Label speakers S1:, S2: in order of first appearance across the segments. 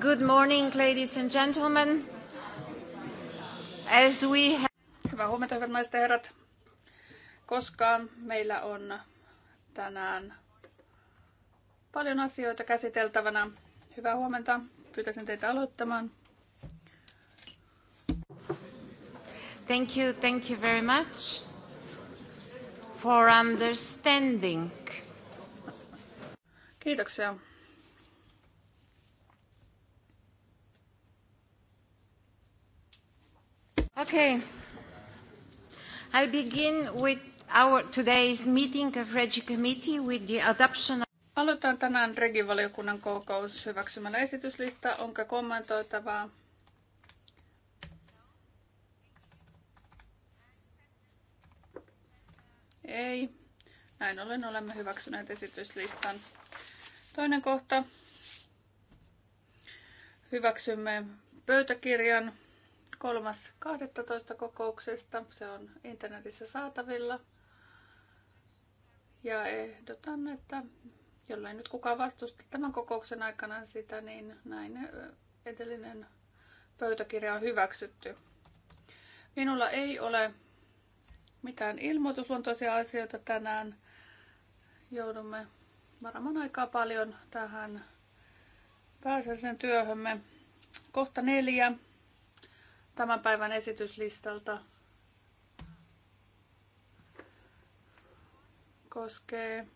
S1: Good morning, ladies and gentlemen. As we have... Hyvää huomenta, hyvät naiset
S2: ja herrat. Koska meillä on tänään paljon asioita käsiteltävänä. Hyvää huomenta. Pyytäisin teitä aloittamaan.
S1: Thank you, thank you very much for understanding. Kiitoksia Okay. I begin with our today's meeting of Regi Committee with the adoption of...
S2: Aloitetaan tänään Regi-valiokunnan kokous hyväksymällä esityslista. Onko kommentoitavaa? Ei. Näin ollen olemme hyväksyneet esityslistan. Toinen kohta. Hyväksymme pöytäkirjan 3.12. kokouksesta. Se on internetissä saatavilla. Ja ehdotan, että jollei nyt kukaan vastusta tämän kokouksen aikana sitä, niin näin edellinen pöytäkirja on hyväksytty. Minulla ei ole mitään ilmoitusluontoisia asioita tänään. Joudumme varmaan aikaa paljon tähän pääsäisen työhömme. Kohta neljä tämän päivän esityslistalta koskee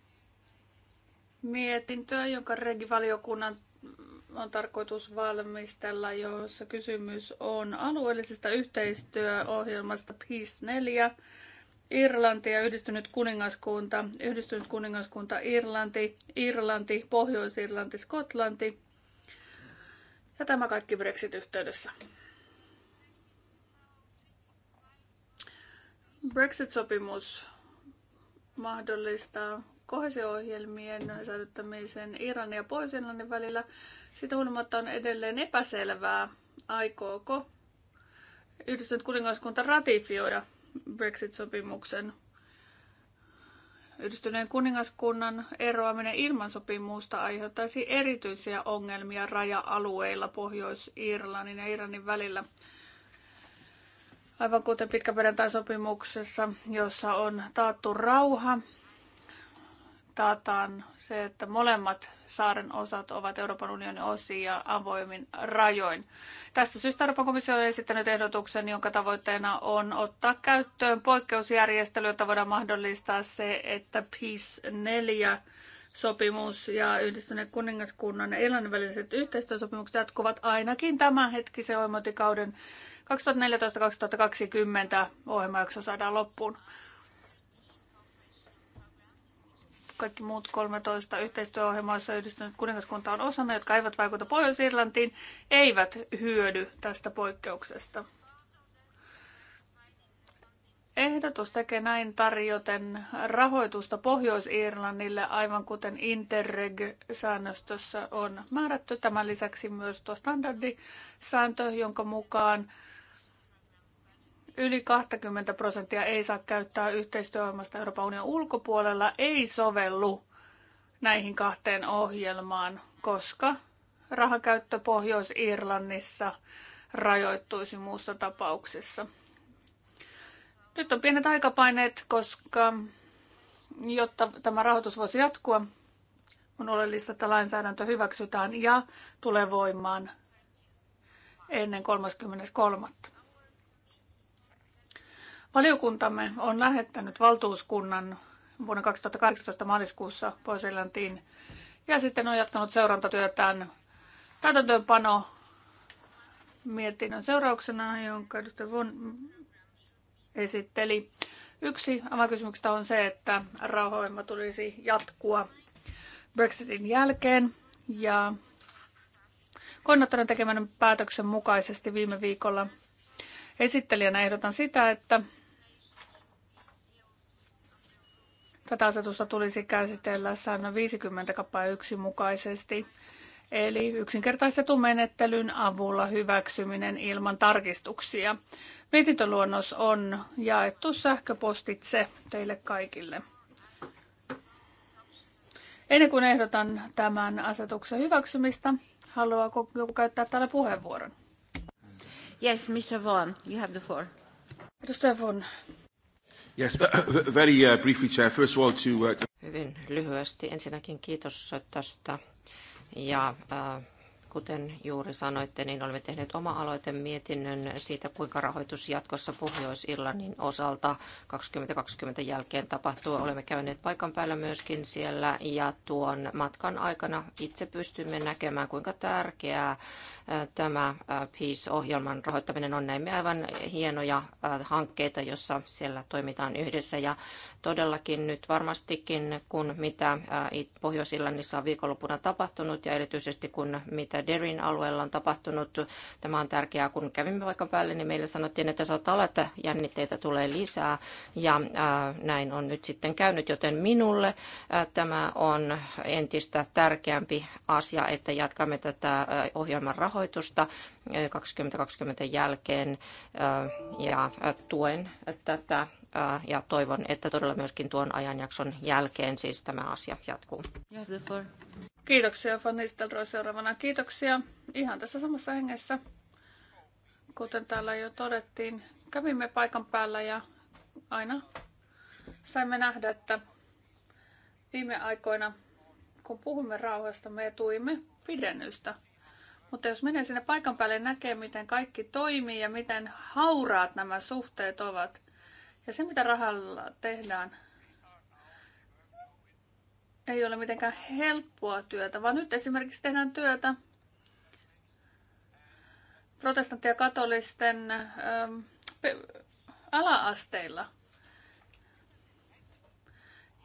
S2: mietintöä, jonka regivaliokunnan on tarkoitus valmistella, jossa kysymys on alueellisesta yhteistyöohjelmasta PIS 4, Irlanti ja yhdistynyt kuningaskunta, yhdistynyt kuningaskunta Irlanti, Irlanti, Pohjois-Irlanti, Skotlanti ja tämä kaikki Brexit-yhteydessä. Brexit-sopimus mahdollistaa kohesio-ohjelmien säilyttämisen Iranin ja pohjois välillä. Siitä huolimatta on edelleen epäselvää, aikooko Yhdistynyt kuningaskunta ratifioida Brexit-sopimuksen. Yhdistyneen kuningaskunnan eroaminen ilman sopimusta aiheuttaisi erityisiä ongelmia raja-alueilla Pohjois-Irlannin ja Iranin välillä – aivan kuten pitkäperjantain sopimuksessa jossa on taattu rauha, taataan se, että molemmat saaren osat ovat Euroopan unionin osia avoimin rajoin. Tästä syystä Euroopan komissio on esittänyt ehdotuksen, jonka tavoitteena on ottaa käyttöön poikkeusjärjestely, jotta voidaan mahdollistaa se, että PIS 4 sopimus ja yhdistyneen kuningaskunnan ja Irlannin väliset yhteistyösopimukset jatkuvat ainakin tämänhetkisen oimotikauden 2014-2020 ohjelmajakso saadaan loppuun. Kaikki muut 13 yhteistyöohjelmaissa yhdistynyt kuningaskunta on osana, jotka eivät vaikuta Pohjois-Irlantiin, eivät hyödy tästä poikkeuksesta. Ehdotus tekee näin tarjoten rahoitusta Pohjois-Irlannille, aivan kuten Interreg-säännöstössä on määrätty. Tämän lisäksi myös tuo standardisääntö, jonka mukaan Yli 20 prosenttia ei saa käyttää yhteistyöohjelmasta Euroopan unionin ulkopuolella, ei sovellu näihin kahteen ohjelmaan, koska rahakäyttö Pohjois-Irlannissa rajoittuisi muussa tapauksessa. Nyt on pienet aikapaineet, koska jotta tämä rahoitus voisi jatkua, on oleellista, että lainsäädäntö hyväksytään ja tulee voimaan ennen 33. Valiokuntamme on lähettänyt valtuuskunnan vuonna 2018 maaliskuussa pois Irlantiin ja sitten on jatkanut seurantatyötään täytäntöönpano mietinnön seurauksena, jonka edustaja Von esitteli. Yksi avakysymyksistä on se, että rauhoima tulisi jatkua Brexitin jälkeen ja koordinaattorin tekemän päätöksen mukaisesti viime viikolla esittelijänä ehdotan sitä, että Tätä asetusta tulisi käsitellä säännön 50 1 mukaisesti, eli yksinkertaistetun menettelyn avulla hyväksyminen ilman tarkistuksia. Mietintöluonnos on jaettu sähköpostitse teille kaikille. Ennen kuin ehdotan tämän asetuksen hyväksymistä, haluaako joku käyttää täällä puheenvuoron?
S1: Yes, Mr. Vaughan, you have the floor. Edustaja Vaughan,
S3: Yes, uh, very uh, briefly, Chair. First of all, to... Uh,
S1: Hyvin lyhyesti. Ensinnäkin kiitos tästä ja äh, Kuten juuri sanoitte, niin olemme tehneet oma-aloitemietinnön siitä, kuinka rahoitus jatkossa Pohjois-Irlannin osalta 2020 jälkeen tapahtuu. Olemme käyneet paikan päällä myöskin siellä ja tuon matkan aikana itse pystymme näkemään, kuinka tärkeää tämä Peace-ohjelman rahoittaminen on. Näimme aivan hienoja hankkeita, joissa siellä toimitaan yhdessä ja todellakin nyt varmastikin, kun mitä Pohjois-Irlannissa on viikonloppuna tapahtunut ja erityisesti kun mitä Derin alueella on tapahtunut. Tämä on tärkeää, kun kävimme vaikka päälle, niin meille sanottiin, että saattaa olla, että jännitteitä tulee lisää. Ja äh, näin on nyt sitten käynyt, joten minulle äh, tämä on entistä tärkeämpi asia, että jatkamme tätä äh, ohjelman rahoitusta 2020 jälkeen ja tuen tätä ja toivon, että todella myöskin tuon ajanjakson jälkeen siis tämä asia jatkuu.
S2: Kiitoksia Fanny Stelroi seuraavana. Kiitoksia ihan tässä samassa hengessä. Kuten täällä jo todettiin, kävimme paikan päällä ja aina saimme nähdä, että viime aikoina, kun puhumme rauhasta, me tuimme pidennystä. Mutta jos menee sinne paikan päälle, näkee, miten kaikki toimii ja miten hauraat nämä suhteet ovat. Ja se, mitä rahalla tehdään, ei ole mitenkään helppoa työtä, vaan nyt esimerkiksi tehdään työtä protestanttien ja katolisten ähm, ala-asteilla.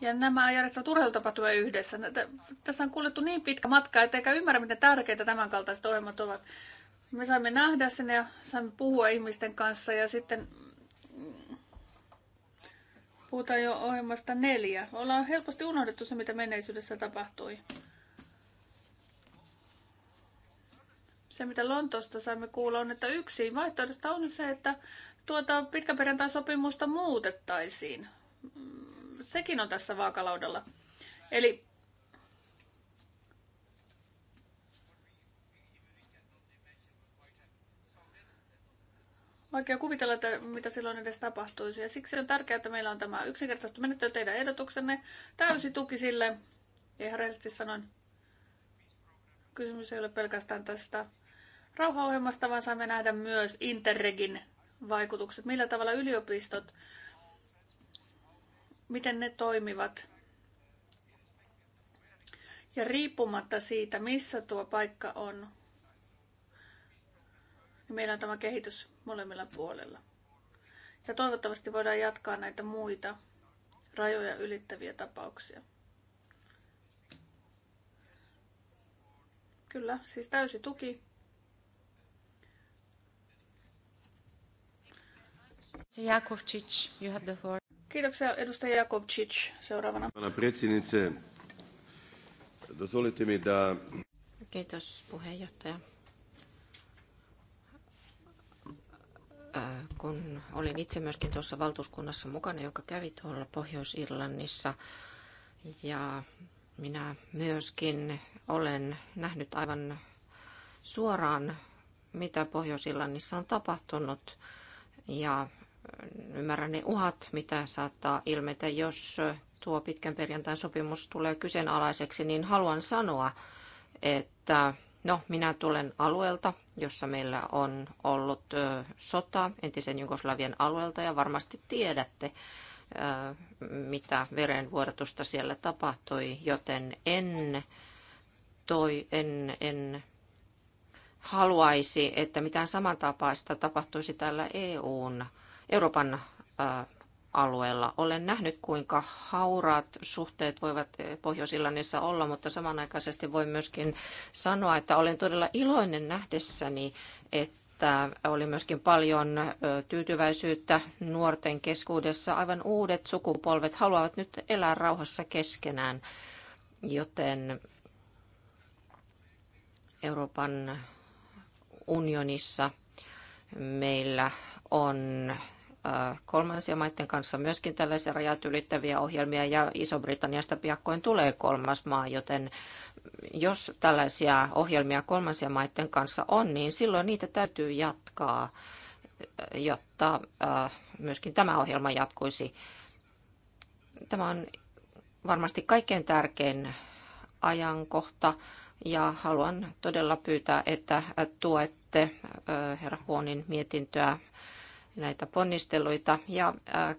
S2: Ja nämä järjestävät urheilutapahtumia yhdessä. Tässä on kuljettu niin pitkä matka, eikä ymmärrä, miten tärkeitä tämänkaltaiset ohjelmat ovat. Me saimme nähdä sen ja saimme puhua ihmisten kanssa ja sitten Puhutaan jo ohjelmasta neljä. Ollaan helposti unohdettu se, mitä menneisyydessä tapahtui. Se, mitä Lontoosta saimme kuulla, on, että yksi vaihtoehdosta on se, että tuota pitkäperjantain sopimusta muutettaisiin. Mm, sekin on tässä vaakalaudalla. Eli vaikea kuvitella, että mitä silloin edes tapahtuisi. Ja siksi on tärkeää, että meillä on tämä yksinkertaista menettely teidän ehdotuksenne. Täysi tuki sille. Ja ihan rehellisesti sanon, kysymys ei ole pelkästään tästä rauhaohjelmasta, vaan saamme nähdä myös Interregin vaikutukset. Millä tavalla yliopistot, miten ne toimivat. Ja riippumatta siitä, missä tuo paikka on, niin meillä on tämä kehitys molemmilla puolella. Ja toivottavasti voidaan jatkaa näitä muita rajoja ylittäviä tapauksia. Kyllä, siis täysi tuki.
S3: Jakovčić, you have the floor.
S2: Kiitoksia edustaja Jakovčić. Seuraavana.
S1: Kiitos puheenjohtaja. Äh, kun olin itse myöskin tuossa valtuuskunnassa mukana, joka kävi tuolla Pohjois-Irlannissa. Ja minä myöskin olen nähnyt aivan suoraan, mitä Pohjois-Irlannissa on tapahtunut. Ja ymmärrän ne uhat, mitä saattaa ilmetä, jos tuo pitkän perjantain sopimus tulee kyseenalaiseksi, niin haluan sanoa, että No, minä tulen alueelta, jossa meillä on ollut sota entisen Jugoslavian alueelta ja varmasti tiedätte, mitä verenvuodatusta siellä tapahtui, joten en, toi, en, en haluaisi, että mitään samantapaista tapahtuisi täällä EUn, Euroopan alueella. Olen nähnyt, kuinka hauraat suhteet voivat pohjois olla, mutta samanaikaisesti voin myöskin sanoa, että olen todella iloinen nähdessäni, että että oli myöskin paljon tyytyväisyyttä nuorten keskuudessa. Aivan uudet sukupolvet haluavat nyt elää rauhassa keskenään, joten Euroopan unionissa meillä on kolmansia maiden kanssa myöskin tällaisia rajat ylittäviä ohjelmia ja Iso-Britanniasta piakkoin tulee kolmas maa, joten jos tällaisia ohjelmia kolmansia maiden kanssa on, niin silloin niitä täytyy jatkaa, jotta myöskin tämä ohjelma jatkuisi. Tämä on varmasti kaikkein tärkein ajankohta ja haluan todella pyytää, että tuette herra Huonin mietintöä näitä ponnisteluita ja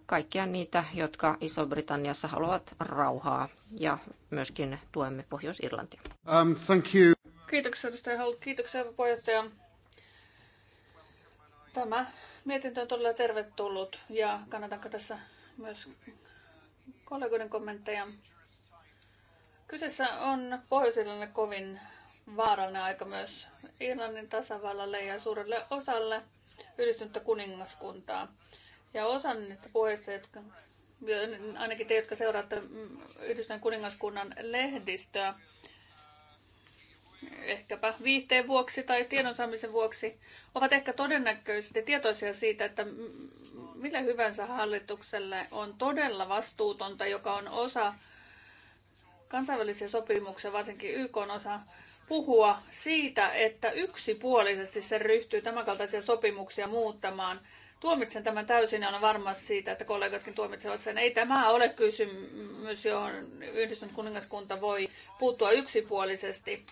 S1: kaikkia niitä, jotka Iso-Britanniassa haluavat rauhaa ja myöskin tuemme
S3: Pohjois-Irlantia. Um, thank you.
S2: Kiitoksia edustaja Hall, kiitoksia puheenjohtaja. Tämä mietintö on todella tervetullut ja kannatanko tässä myös kollegoiden kommentteja. Kyseessä on pohjois kovin vaarallinen aika myös Irlannin tasavallalle ja suurelle osalle – yhdistynyttä kuningaskuntaa. Ja osa niistä puheista, jotka, ainakin te, jotka seuraatte mm, yhdistyneen kuningaskunnan lehdistöä, ehkäpä viihteen vuoksi tai tiedonsaamisen vuoksi, ovat ehkä todennäköisesti tietoisia siitä, että millä hyvänsä hallitukselle on todella vastuutonta, joka on osa kansainvälisiä sopimuksia, varsinkin YK on osa puhua siitä, että yksipuolisesti se ryhtyy tämänkaltaisia sopimuksia muuttamaan. Tuomitsen tämän täysin ja olen varma siitä, että kollegatkin tuomitsevat sen. Ei tämä ole kysymys, johon yhdistynyt kuningaskunta voi puuttua yksipuolisesti.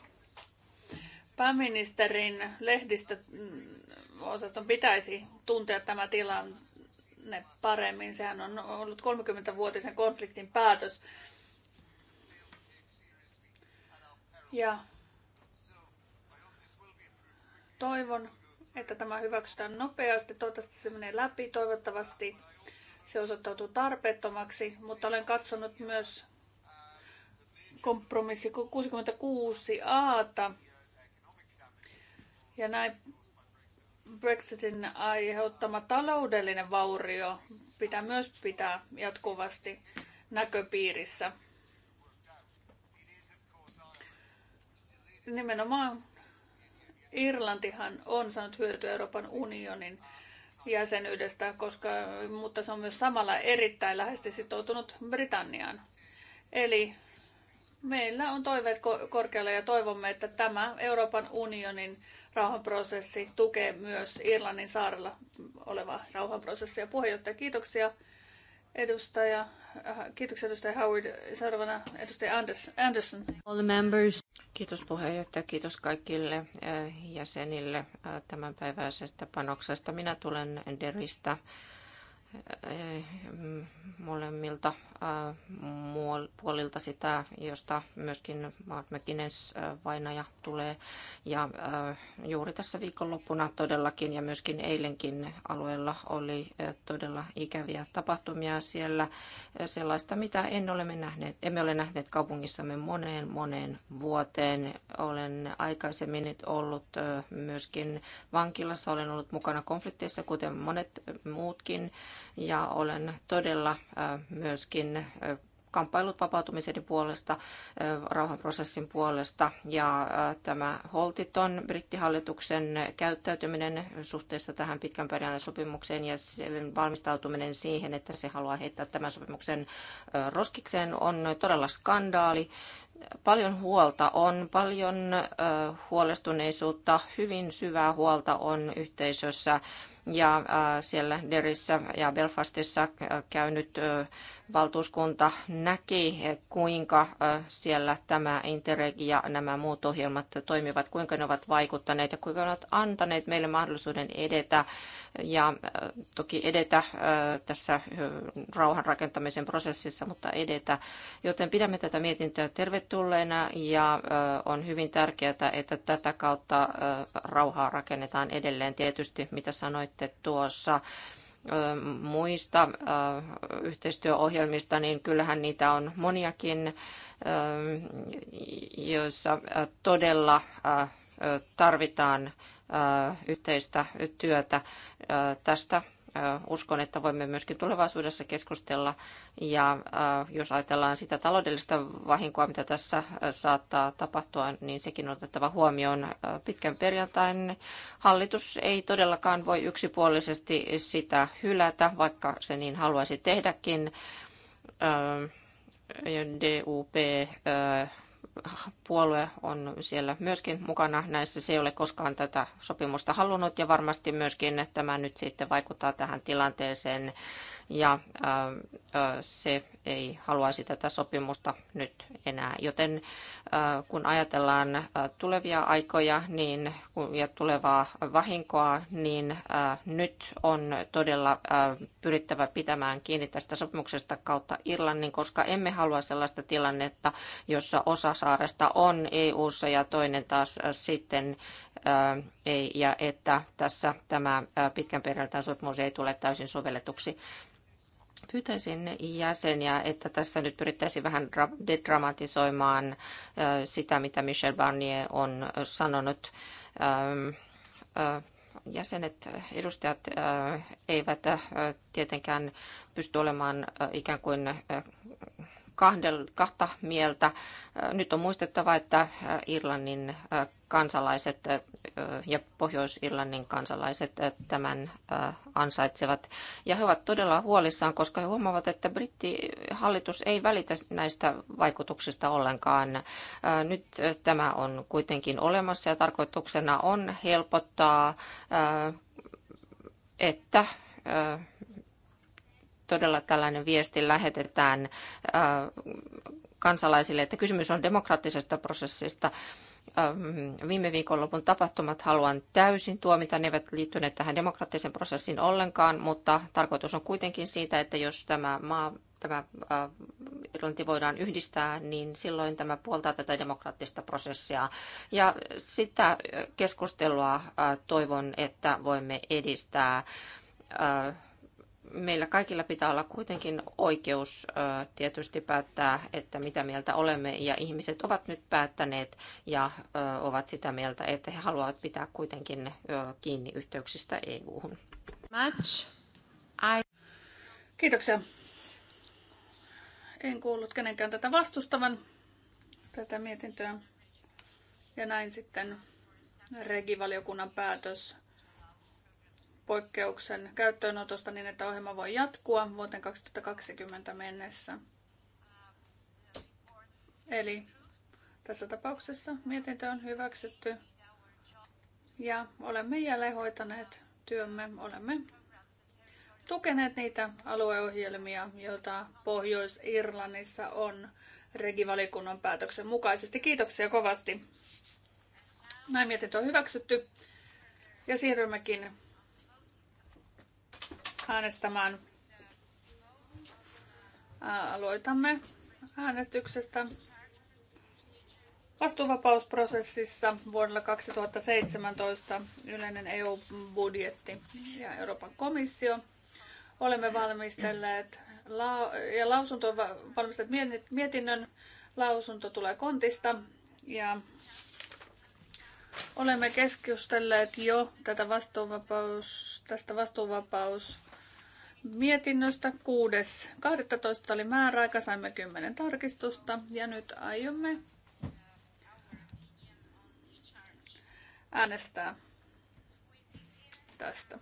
S2: Pääministerin lehdistöosaston mm, pitäisi tuntea tämä tilanne paremmin. Sehän on ollut 30-vuotisen konfliktin päätös. Ja Toivon, että tämä hyväksytään nopeasti. Toivottavasti se menee läpi. Toivottavasti se osoittautuu tarpeettomaksi, mutta olen katsonut myös kompromissi 66 aata. Ja näin Brexitin aiheuttama taloudellinen vaurio pitää myös pitää jatkuvasti näköpiirissä. Nimenomaan Irlantihan on saanut hyötyä Euroopan unionin jäsenyydestä, koska, mutta se on myös samalla erittäin läheisesti sitoutunut Britanniaan. Eli meillä on toiveet korkealla ja toivomme, että tämä Euroopan unionin rauhanprosessi tukee myös Irlannin saarella olevaa rauhanprosessia. Puheenjohtaja, kiitoksia. Edustaja Äh, kiitoksia edustaja Howard. Seuraavana edustaja Anderson.
S1: All the members. Kiitos puheenjohtaja, kiitos kaikille äh, jäsenille äh, tämänpäiväisestä panoksesta. Minä tulen Enderistä molemmilta puolilta sitä, josta myöskin Maat Mäkinens vainaja tulee. Ja juuri tässä viikonloppuna todellakin ja myöskin eilenkin alueella oli todella ikäviä tapahtumia siellä. Sellaista, mitä en ole nähneet, emme ole nähneet kaupungissamme moneen moneen vuoteen. Olen aikaisemmin nyt ollut myöskin vankilassa, olen ollut mukana konflikteissa, kuten monet muutkin ja olen todella myöskin kamppailut vapautumisen puolesta, rauhanprosessin puolesta ja tämä holtiton brittihallituksen käyttäytyminen suhteessa tähän pitkän perjantai sopimukseen ja sen valmistautuminen siihen, että se haluaa heittää tämän sopimuksen roskikseen on todella skandaali paljon huolta on, paljon huolestuneisuutta, hyvin syvää huolta on yhteisössä ja äh, siellä Derissä ja Belfastissa äh, käynyt äh, valtuuskunta näki, kuinka siellä tämä Interreg ja nämä muut ohjelmat toimivat, kuinka ne ovat vaikuttaneet ja kuinka ne ovat antaneet meille mahdollisuuden edetä ja toki edetä tässä rauhan rakentamisen prosessissa, mutta edetä. Joten pidämme tätä mietintöä tervetulleena ja on hyvin tärkeää, että tätä kautta rauhaa rakennetaan edelleen. Tietysti, mitä sanoitte tuossa, muista yhteistyöohjelmista, niin kyllähän niitä on moniakin, joissa todella tarvitaan yhteistä työtä. Tästä uskon, että voimme myöskin tulevaisuudessa keskustella. Ja jos ajatellaan sitä taloudellista vahinkoa, mitä tässä saattaa tapahtua, niin sekin on otettava huomioon pitkän perjantain. Hallitus ei todellakaan voi yksipuolisesti sitä hylätä, vaikka se niin haluaisi tehdäkin. DUP puolue on siellä myöskin mukana näissä. Se ei ole koskaan tätä sopimusta halunnut ja varmasti myöskin tämä nyt sitten vaikuttaa tähän tilanteeseen ja se ei haluaisi tätä sopimusta nyt enää. Joten kun ajatellaan tulevia aikoja niin, ja tulevaa vahinkoa, niin nyt on todella pyrittävä pitämään kiinni tästä sopimuksesta kautta Irlannin, koska emme halua sellaista tilannetta, jossa osa saaresta on eu ja toinen taas sitten ei, ja että tässä tämä pitkän perjantain sopimus ei tule täysin sovelletuksi. Pyytäisin jäseniä, että tässä nyt pyrittäisiin vähän dedramatisoimaan sitä, mitä Michel Barnier on sanonut jäsenet, edustajat eivät tietenkään pysty olemaan ikään kuin kahdel, kahta mieltä. Nyt on muistettava, että Irlannin kansalaiset ja Pohjois-Irlannin kansalaiset tämän ansaitsevat. Ja he ovat todella huolissaan, koska he huomaavat, että brittihallitus ei välitä näistä vaikutuksista ollenkaan. Nyt tämä on kuitenkin olemassa ja tarkoituksena on helpottaa, että todella tällainen viesti lähetetään kansalaisille, että kysymys on demokraattisesta prosessista Ähm, viime viikonlopun tapahtumat haluan täysin tuomita. Ne eivät liittyneet tähän demokraattisen prosessiin ollenkaan, mutta tarkoitus on kuitenkin siitä, että jos tämä maa tämä äh, Irlanti voidaan yhdistää, niin silloin tämä puoltaa tätä demokraattista prosessia. Ja sitä keskustelua äh, toivon, että voimme edistää äh, meillä kaikilla pitää olla kuitenkin oikeus tietysti päättää, että mitä mieltä olemme. Ja ihmiset ovat nyt päättäneet ja ovat sitä mieltä, että he haluavat pitää kuitenkin kiinni yhteyksistä EU-hun. Match. I... Kiitoksia.
S2: En kuullut kenenkään tätä vastustavan tätä mietintöä. Ja näin sitten regivaliokunnan päätös poikkeuksen käyttöönotosta niin, että ohjelma voi jatkua vuoteen 2020 mennessä. Eli tässä tapauksessa mietintö on hyväksytty ja olemme jälleen hoitaneet työmme. Olemme tukeneet niitä alueohjelmia, joita Pohjois-Irlannissa on regivalikunnan päätöksen mukaisesti. Kiitoksia kovasti. Näin mietintö on hyväksytty. Ja siirrymmekin äänestämään. Aloitamme äänestyksestä vastuuvapausprosessissa vuodella 2017 yleinen EU-budjetti ja Euroopan komissio. Olemme valmistelleet ja lausunto valmistelleet mietinnön. Lausunto tulee kontista ja olemme keskustelleet jo tätä vastuuvapaus, tästä vastuuvapaus mietinnöstä 6.12. oli määräaika, saimme 10 tarkistusta ja nyt aiomme äänestää tästä.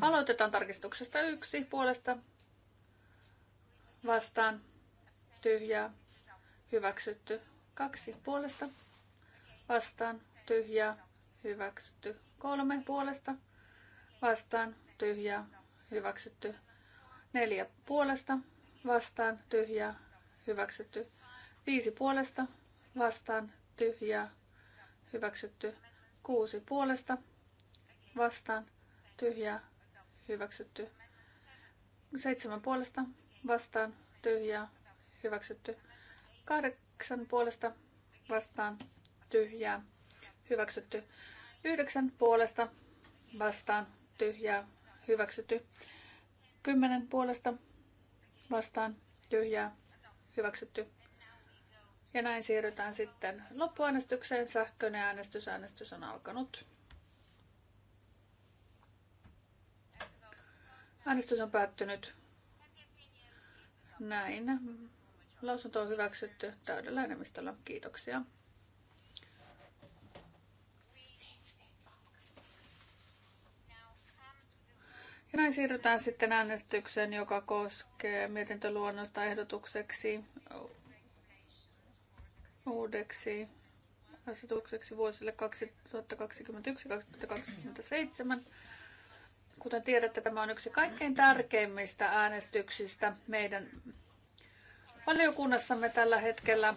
S2: Aloitetaan tarkistuksesta yksi puolesta vastaan tyhjää hyväksytty kaksi puolesta vastaan tyhjää hyväksytty kolme puolesta vastaan tyhjää hyväksytty. Neljä puolesta, vastaan, tyhjää, hyväksytty. Viisi puolesta, vastaan, tyhjää, hyväksytty. Kuusi puolesta, vastaan, tyhjää, hyväksytty. Seitsemän puolesta, vastaan, tyhjää, hyväksytty. Kahdeksan puolesta, vastaan, tyhjää, hyväksytty. Yhdeksän puolesta, vastaan, tyhjää, hyväksytty. Kymmenen puolesta vastaan tyhjää hyväksytty. Ja näin siirrytään sitten loppuäänestykseen. Sähköinen äänestys. Äänestys on alkanut. Äänestys on päättynyt. Näin. Lausunto on hyväksytty täydellä enemmistöllä. Kiitoksia. Näin siirrytään sitten äänestykseen, joka koskee mietintöluonnosta ehdotukseksi uudeksi asetukseksi vuosille 2021-2027. Kuten tiedätte, tämä on yksi kaikkein tärkeimmistä äänestyksistä meidän valiokunnassamme tällä hetkellä.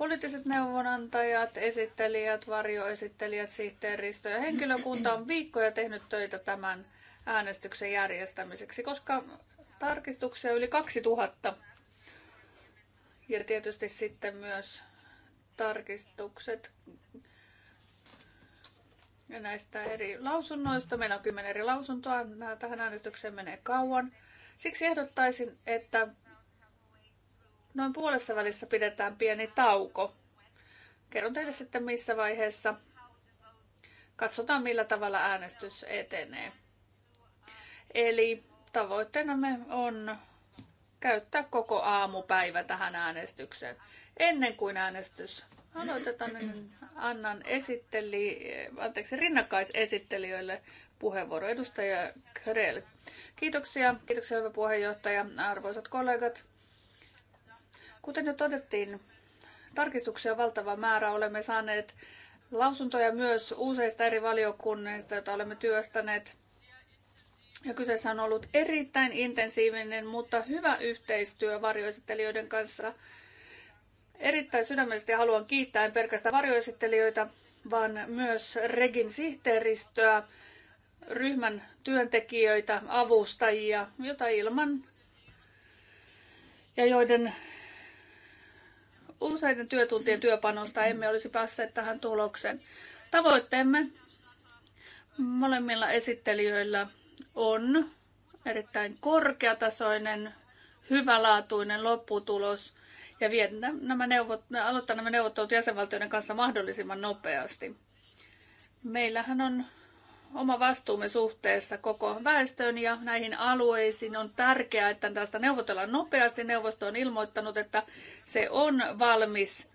S2: Poliittiset neuvonantajat, esittelijät, varjoesittelijät, sihteeristö ja henkilökunta on viikkoja tehnyt töitä tämän äänestyksen järjestämiseksi, koska tarkistuksia yli 2000 ja tietysti sitten myös tarkistukset ja näistä eri lausunnoista. Meillä on kymmenen eri lausuntoa. Tähän äänestykseen menee kauan. Siksi ehdottaisin, että Noin puolessa välissä pidetään pieni tauko. Kerron teille sitten missä vaiheessa. Katsotaan millä tavalla äänestys etenee. Eli tavoitteenamme on käyttää koko aamupäivä tähän äänestykseen. Ennen kuin äänestys
S3: aloitetaan,
S2: niin annan esitteli, anteeksi, rinnakkaisesittelijöille puheenvuoro. Edustaja Krell. Kiitoksia, kiitoksia hyvä puheenjohtaja, arvoisat kollegat. Kuten jo todettiin, tarkistuksia valtava määrä. Olemme saaneet lausuntoja myös useista eri valiokunnista, joita olemme työstäneet. Ja kyseessä on ollut erittäin intensiivinen, mutta hyvä yhteistyö varjoesittelijöiden kanssa. Erittäin sydämellisesti haluan kiittää en pelkästään varjoesittelijöitä, vaan myös Regin sihteeristöä, ryhmän työntekijöitä, avustajia, jota ilman ja joiden useiden työtuntien työpanosta emme olisi päässeet tähän tulokseen. Tavoitteemme molemmilla esittelijöillä on erittäin korkeatasoinen, hyvälaatuinen lopputulos ja nämä neuvot, aloittaa nämä neuvottelut jäsenvaltioiden kanssa mahdollisimman nopeasti. Meillähän on oma vastuumme suhteessa koko väestöön ja näihin alueisiin. On tärkeää, että tästä neuvotellaan nopeasti. Neuvosto on ilmoittanut, että se on valmis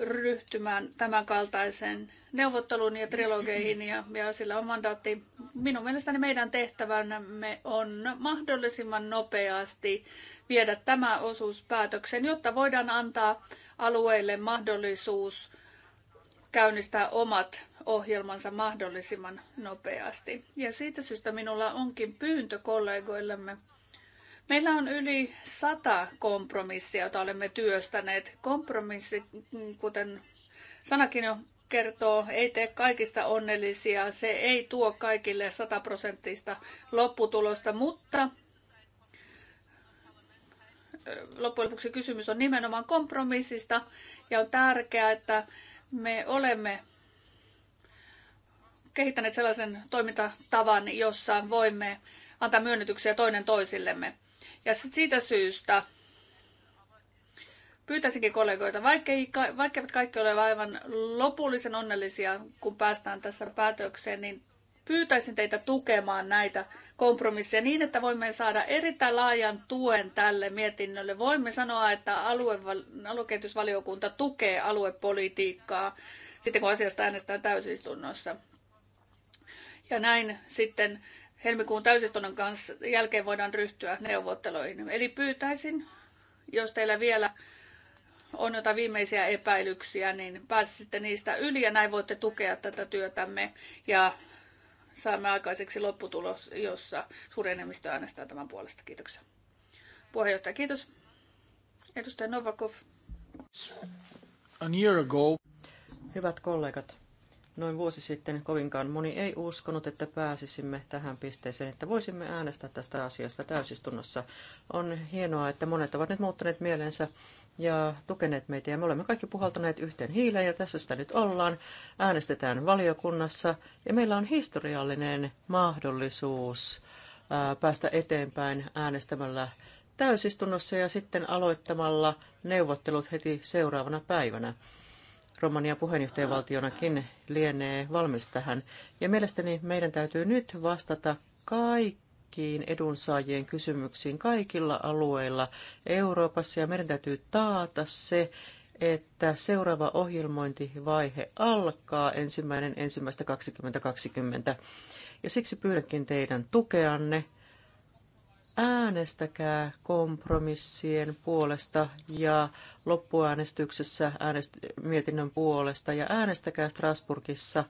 S2: ryhtymään tämänkaltaiseen neuvotteluun ja trilogeihin ja, ja sillä on mandaatti. Minun mielestäni meidän tehtävänämme on mahdollisimman nopeasti viedä tämä osuus päätökseen jotta voidaan antaa alueille mahdollisuus käynnistää omat ohjelmansa mahdollisimman nopeasti. Ja siitä syystä minulla onkin pyyntö kollegoillemme. Meillä on yli sata kompromissia, joita olemme työstäneet. Kompromissi, kuten sanakin jo kertoo, ei tee kaikista onnellisia. Se ei tuo kaikille sataprosenttista lopputulosta, mutta loppujen lopuksi kysymys on nimenomaan kompromissista ja on tärkeää, että me olemme kehittäneet sellaisen toimintatavan, jossa voimme antaa myönnytyksiä toinen toisillemme. Ja siitä syystä pyytäisinkin kollegoita, vaikkeivat kaikki ole aivan lopullisen onnellisia, kun päästään tässä päätökseen, niin pyytäisin teitä tukemaan näitä kompromisseja niin, että voimme saada erittäin laajan tuen tälle mietinnölle. Voimme sanoa, että alue, aluekehitysvaliokunta tukee aluepolitiikkaa sitten, kun asiasta äänestetään täysistunnossa. Ja näin sitten helmikuun täysistunnon kanssa jälkeen voidaan ryhtyä neuvotteluihin. Eli pyytäisin, jos teillä vielä on jotain viimeisiä epäilyksiä, niin pääsisitte niistä yli ja näin voitte tukea tätä työtämme ja saamme aikaiseksi lopputulos, jossa suuri enemmistö äänestää tämän puolesta. Kiitoksia. Puheenjohtaja, kiitos. Edustaja Novakov.
S3: year ago. Hyvät kollegat, noin vuosi sitten kovinkaan moni ei uskonut, että pääsisimme tähän pisteeseen, että voisimme äänestää tästä asiasta täysistunnossa. On hienoa, että monet ovat nyt muuttaneet mielensä ja tukeneet meitä ja me olemme kaikki puhaltaneet yhteen hiileen ja tässä sitä nyt ollaan. Äänestetään valiokunnassa ja meillä on historiallinen mahdollisuus päästä eteenpäin äänestämällä täysistunnossa ja sitten aloittamalla neuvottelut heti seuraavana päivänä. Romania puheenjohtajavaltionakin lienee valmis tähän. Ja mielestäni meidän täytyy nyt vastata kaikkiin edunsaajien kysymyksiin kaikilla alueilla Euroopassa ja meidän täytyy taata se, että seuraava ohjelmointivaihe alkaa ensimmäinen ensimmäistä 2020. Ja siksi pyydänkin teidän tukeanne äänestäkää kompromissien puolesta ja loppuäänestyksessä äänest- mietinnön puolesta ja äänestäkää Strasburgissa.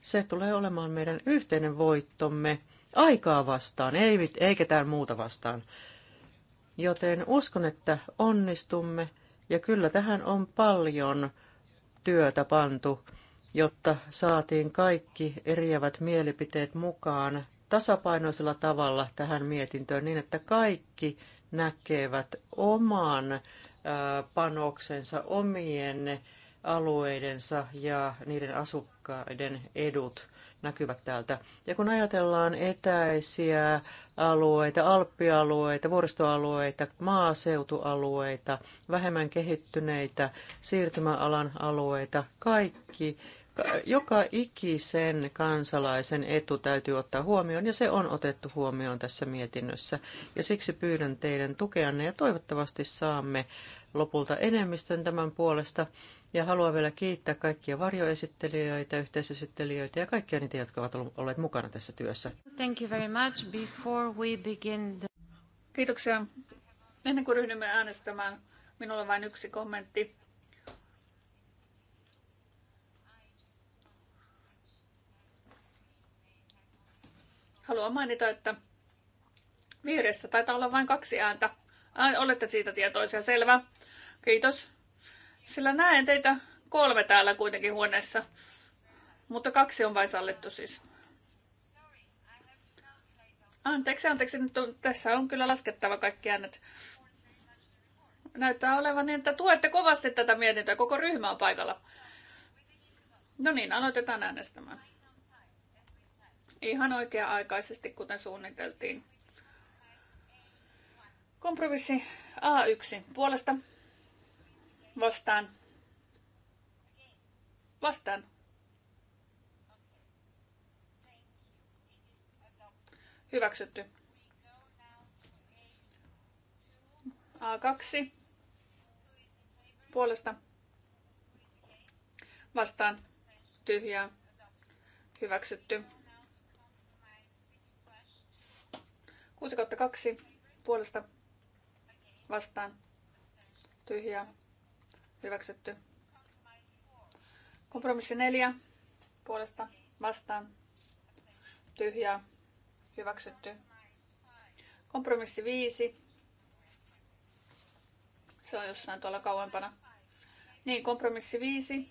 S3: Se tulee olemaan meidän yhteinen voittomme aikaa vastaan, ei, mit- ei ketään muuta vastaan. Joten uskon, että onnistumme ja kyllä tähän on paljon työtä pantu, jotta saatiin kaikki eriävät mielipiteet mukaan tasapainoisella tavalla tähän mietintöön niin, että kaikki näkevät oman panoksensa, omien alueidensa ja niiden asukkaiden edut näkyvät täältä. Ja kun ajatellaan etäisiä alueita, alppialueita, vuoristoalueita, maaseutualueita, vähemmän kehittyneitä, siirtymäalan alueita, kaikki joka ikisen kansalaisen etu täytyy ottaa huomioon, ja se on otettu huomioon tässä mietinnössä. Ja siksi pyydän teidän tukeanne, ja toivottavasti saamme lopulta enemmistön tämän puolesta. Ja haluan vielä kiittää kaikkia varjoesittelijöitä, yhteisesittelijöitä ja kaikkia niitä, jotka ovat olleet mukana tässä työssä.
S1: Thank you very much. Before we begin the... Kiitoksia. Ennen kuin ryhdymme
S2: äänestämään, minulla on vain yksi kommentti. haluan mainita, että vieressä taitaa olla vain kaksi ääntä. Ää, olette siitä tietoisia, selvä. Kiitos. Sillä näen teitä kolme täällä kuitenkin huoneessa, mutta kaksi on vain sallittu siis. Anteeksi, anteeksi, nyt on, tässä on kyllä laskettava kaikki äänet. Näyttää olevan niin, että tuette kovasti tätä mietintöä, koko ryhmä on paikalla. No niin, aloitetaan äänestämään ihan oikea-aikaisesti, kuten suunniteltiin. Kompromissi A1 puolesta vastaan. Vastaan. Hyväksytty. A2 puolesta vastaan tyhjää hyväksytty. 6 kautta 2 puolesta vastaan. Tyhjä. Hyväksytty. Kompromissi 4 puolesta vastaan. Tyhjä. Hyväksytty. Kompromissi 5. Se on jossain tuolla kauempana. Niin, kompromissi 5.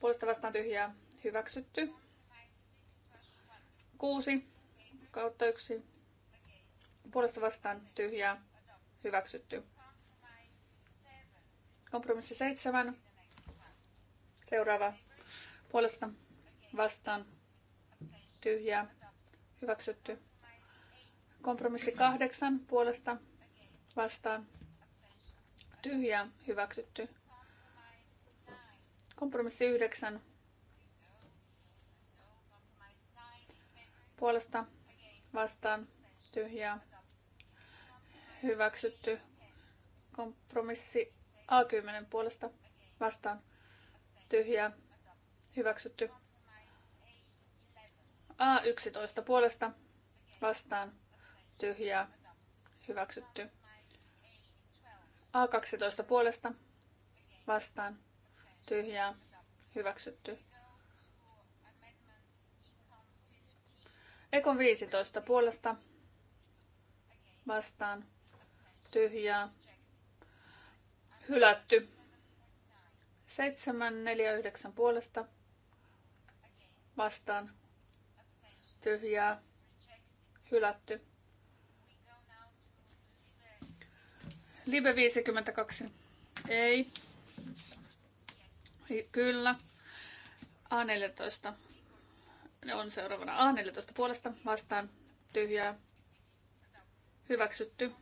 S2: Puolesta vastaan tyhjää. Hyväksytty. 6 kautta 1 puolesta vastaan tyhjää hyväksytty. Kompromissi 7. Seuraava puolesta vastaan tyhjää hyväksytty. Kompromissi 8 puolesta vastaan tyhjää hyväksytty. Kompromissi 9 puolesta vastaan tyhjää hyväksytty kompromissi A10 puolesta vastaan tyhjää hyväksytty A11 puolesta vastaan tyhjää hyväksytty A12 puolesta vastaan tyhjää hyväksytty Ekon 15 puolesta vastaan tyhjää, hylätty. 7, 4, 9 puolesta vastaan tyhjää, hylätty. Libe 52. Ei. Kyllä. A14. Ne on seuraavana. A14 puolesta vastaan tyhjää. Hyväksytty.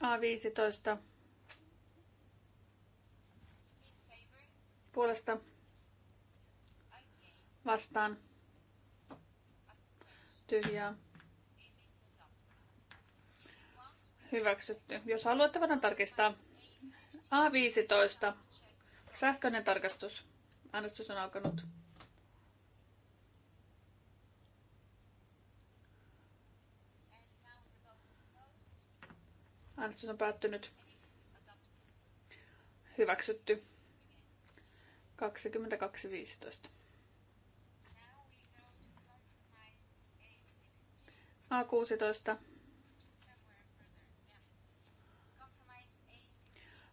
S2: A15 puolesta vastaan tyhjää. Hyväksytty. Jos haluatte, voidaan tarkistaa. A15. Sähköinen tarkastus. Äänestys on alkanut. Äänestys on päättynyt. Hyväksytty. 22.15. A16.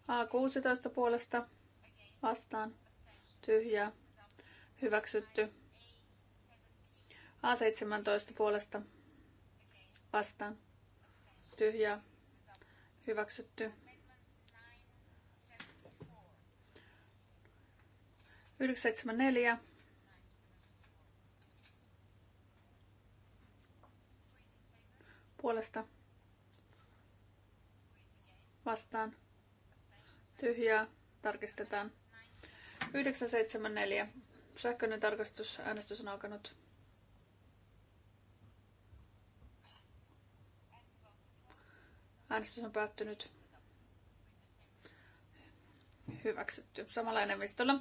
S2: A16 puolesta vastaan tyhjää hyväksytty. A17 puolesta vastaan tyhjää Hyväksytty. 974. Puolesta. Vastaan. Tyhjää. Tarkistetaan. 974. Sähköinen tarkastus. Äänestys on alkanut. Äänestys on päättynyt. Hyväksytty samalla enemmistöllä.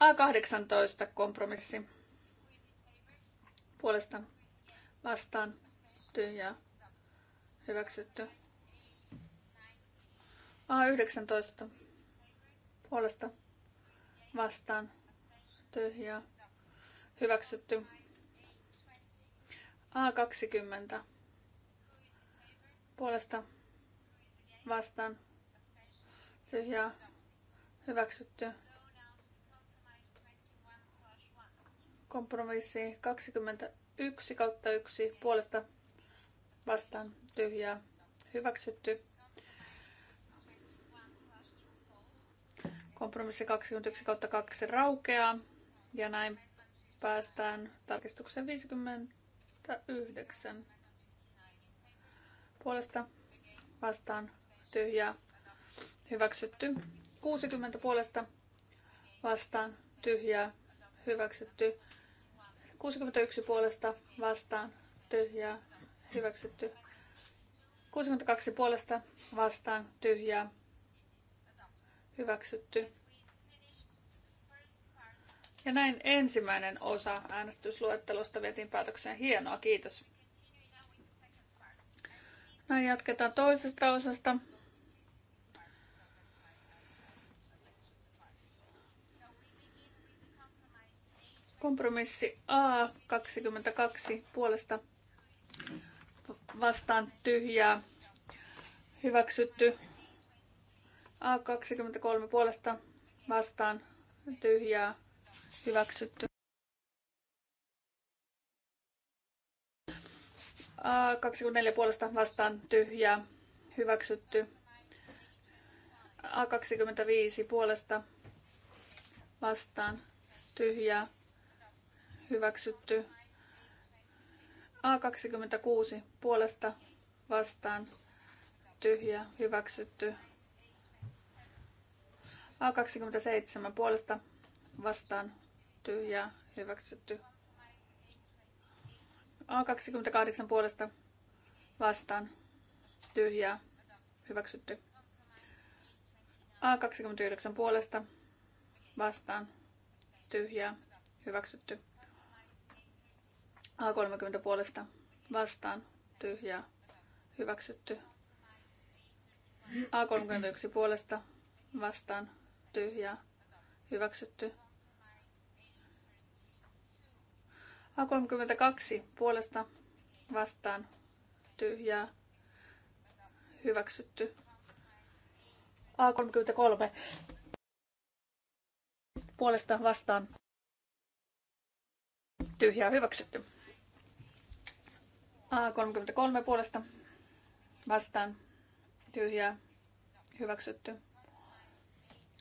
S2: A18 kompromissi. Puolesta vastaan tyhjää. Hyväksytty. A19 puolesta vastaan tyhjää. Hyväksytty. A20 puolesta vastaan tyhjää hyväksytty. Kompromissi 21 kautta 1 puolesta vastaan tyhjää hyväksytty. Kompromissi 21 kautta 2 raukeaa ja näin päästään tarkistukseen 59 puolesta vastaan tyhjää hyväksytty. 60 puolesta vastaan tyhjää hyväksytty. 61 puolesta vastaan tyhjää hyväksytty. 62 puolesta vastaan tyhjää hyväksytty. Ja näin ensimmäinen osa äänestysluettelosta vietiin päätökseen. Hienoa, kiitos. Näin jatketaan toisesta osasta. Kompromissi A22 puolesta vastaan tyhjää. Hyväksytty. A23 puolesta vastaan tyhjää. Hyväksytty. A24 puolesta vastaan tyhjää. Hyväksytty. A25 puolesta vastaan tyhjää hyväksytty. A26 puolesta vastaan tyhjä hyväksytty. A27 puolesta vastaan tyhjä hyväksytty. A28 puolesta vastaan tyhjä hyväksytty. A29 puolesta vastaan tyhjä hyväksytty. A30 puolesta vastaan tyhjää hyväksytty. A31 puolesta vastaan tyhjää hyväksytty. A32 puolesta vastaan tyhjää hyväksytty. A33 puolesta vastaan tyhjää hyväksytty. A33 puolesta vastaan tyhjää hyväksytty.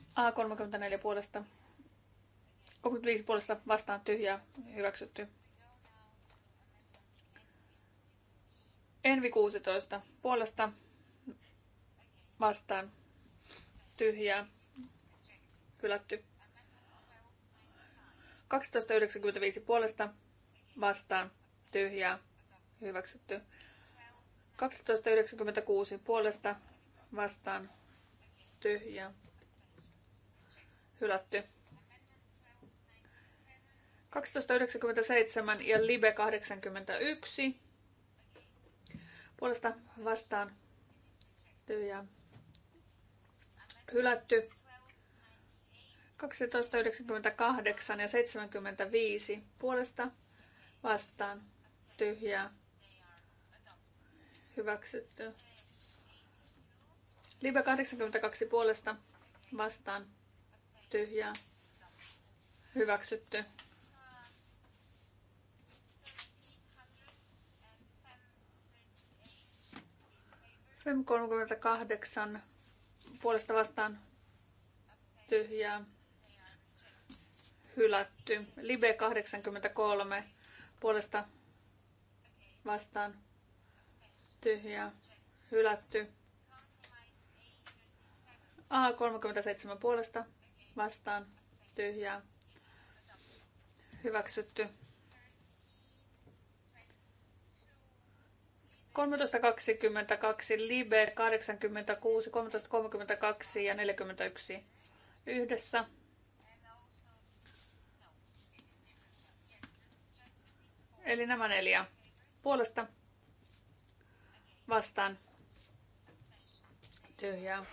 S2: A34 puolesta 35 puolesta vastaan tyhjää hyväksytty. Envi 16 puolesta vastaan tyhjää hylätty. 1295 puolesta vastaan tyhjää Hyväksytty. 1296 puolesta vastaan tyhjä. Hylätty. 1297 ja Libe 81 puolesta vastaan tyhjä. Hylätty. 1298 ja 75 puolesta vastaan tyhjää hyväksytty. Libe 82 puolesta vastaan tyhjää hyväksytty. FEM 38 puolesta vastaan tyhjää hylätty. Libe 83 puolesta vastaan tyhjää, hylätty. A37 puolesta vastaan tyhjää, hyväksytty. 13.22, Libe 86, 13.32 ja 41 yhdessä. Eli nämä neljä puolesta vastaan tyhjää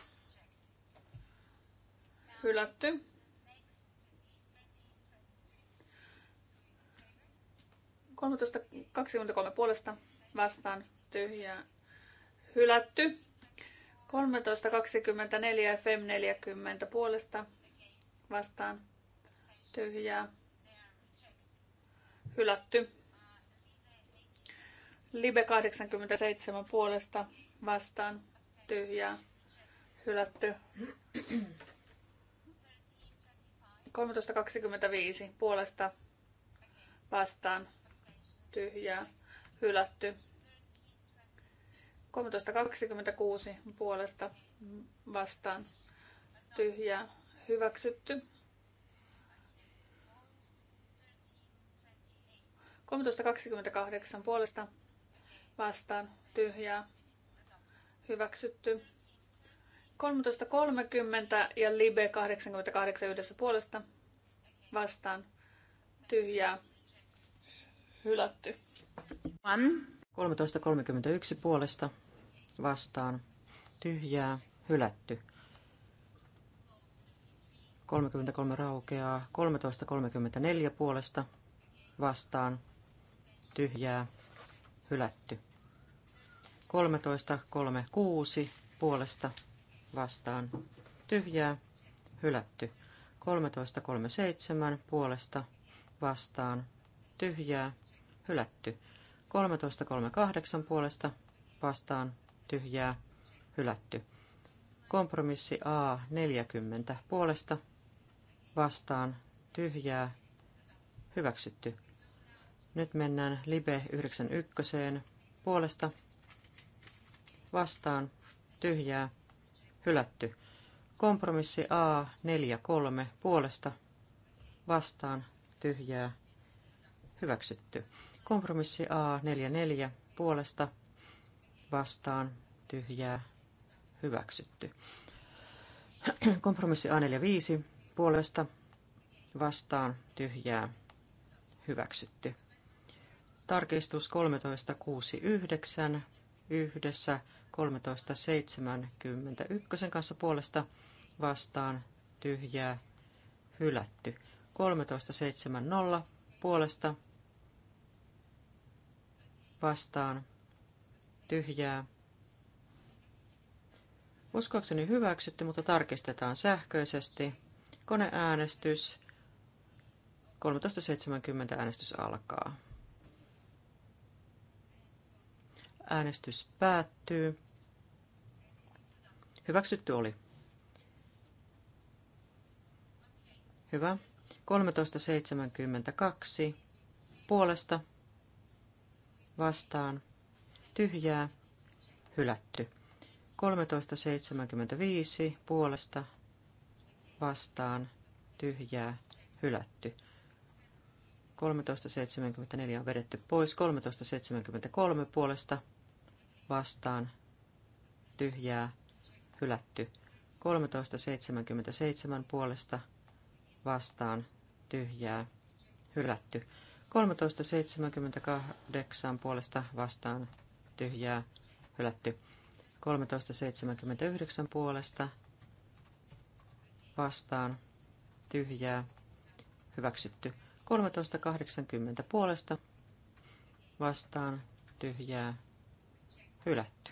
S2: hylätty. Kolmetoista puolesta vastaan tyhjää hylätty. 13.24 ja FEM 40 puolesta vastaan tyhjää hylätty. Libe 87 puolesta vastaan tyhjää hylätty. 13.25 puolesta vastaan tyhjää hylätty. 13.26 puolesta vastaan tyhjää hyväksytty. 13.28 puolesta vastaan tyhjää hyväksytty. 13.30 ja Libe 88 yhdessä puolesta vastaan tyhjää hylätty. 13.31
S3: puolesta vastaan tyhjää hylätty. 33 raukeaa. 13.34 puolesta vastaan tyhjää hylätty. 13.36 puolesta vastaan tyhjää, hylätty. 13.37 puolesta vastaan tyhjää, hylätty. 13.38 puolesta vastaan tyhjää, hylätty. Kompromissi A40 puolesta vastaan tyhjää, hyväksytty. Nyt mennään Libe 91 puolesta vastaan tyhjää hylätty. Kompromissi A43 puolesta vastaan tyhjää hyväksytty. Kompromissi A44 puolesta vastaan tyhjää hyväksytty. Kompromissi A45 puolesta vastaan tyhjää hyväksytty. Tarkistus 13.69 yhdessä 13.71 kanssa puolesta vastaan tyhjää hylätty. 13.70 puolesta vastaan tyhjää. Uskoakseni hyväksytty, mutta tarkistetaan sähköisesti. Koneäänestys. 13.70 äänestys alkaa. Äänestys päättyy. Hyväksytty oli. Hyvä. 1372 puolesta vastaan tyhjää hylätty. 1375 puolesta vastaan tyhjää hylätty. 13.74 on vedetty pois. 13.73 puolesta vastaan tyhjää hylätty. 13.77 puolesta vastaan tyhjää hylätty. 13.78 puolesta vastaan tyhjää hylätty. 13.79 puolesta vastaan tyhjää hyväksytty. 13.80 puolesta vastaan tyhjää hylätty.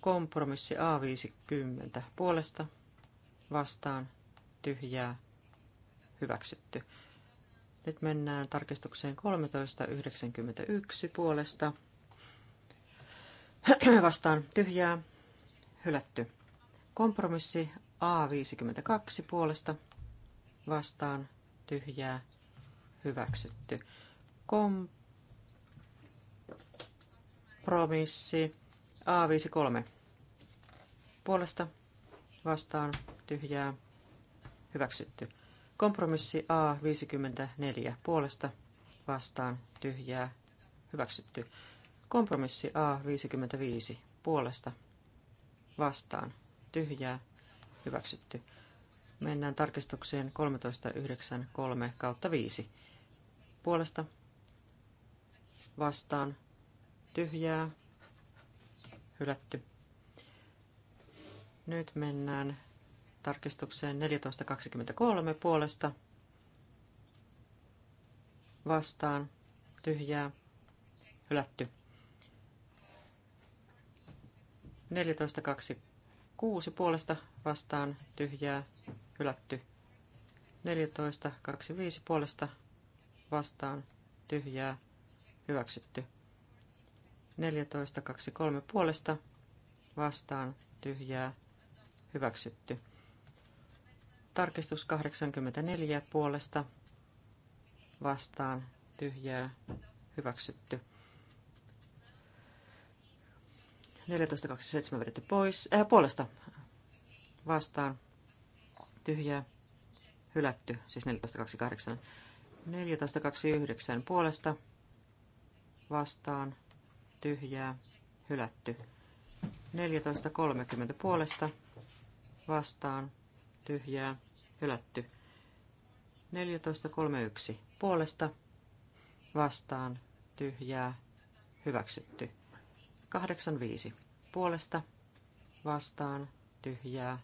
S3: Kompromissi A50 puolesta vastaan tyhjää hyväksytty. Nyt mennään tarkistukseen 13.91 puolesta vastaan tyhjää hylätty. Kompromissi A52 puolesta vastaan tyhjää hyväksytty. Kompromissi A53 puolesta vastaan tyhjää hyväksytty. Kompromissi A54 puolesta vastaan tyhjää hyväksytty. Kompromissi A55 puolesta vastaan tyhjää hyväksytty. Mennään tarkistukseen 13.9.3 kautta 5 puolesta vastaan tyhjää hylätty. Nyt mennään tarkistukseen 14.23 puolesta vastaan tyhjää hylätty. 14.26 puolesta vastaan tyhjää hylätty. 14.25 puolesta vastaan tyhjää hyväksytty. 14.23 puolesta vastaan tyhjää hyväksytty. Tarkistus 84 puolesta vastaan tyhjää hyväksytty. 14.27 vedetty pois. Äh, puolesta vastaan tyhjää hylätty, siis 14.28. 14.29 puolesta vastaan tyhjää hylätty. 14.30 puolesta vastaan tyhjää hylätty. 14.31 puolesta vastaan tyhjää hyväksytty. 85 puolesta vastaan tyhjää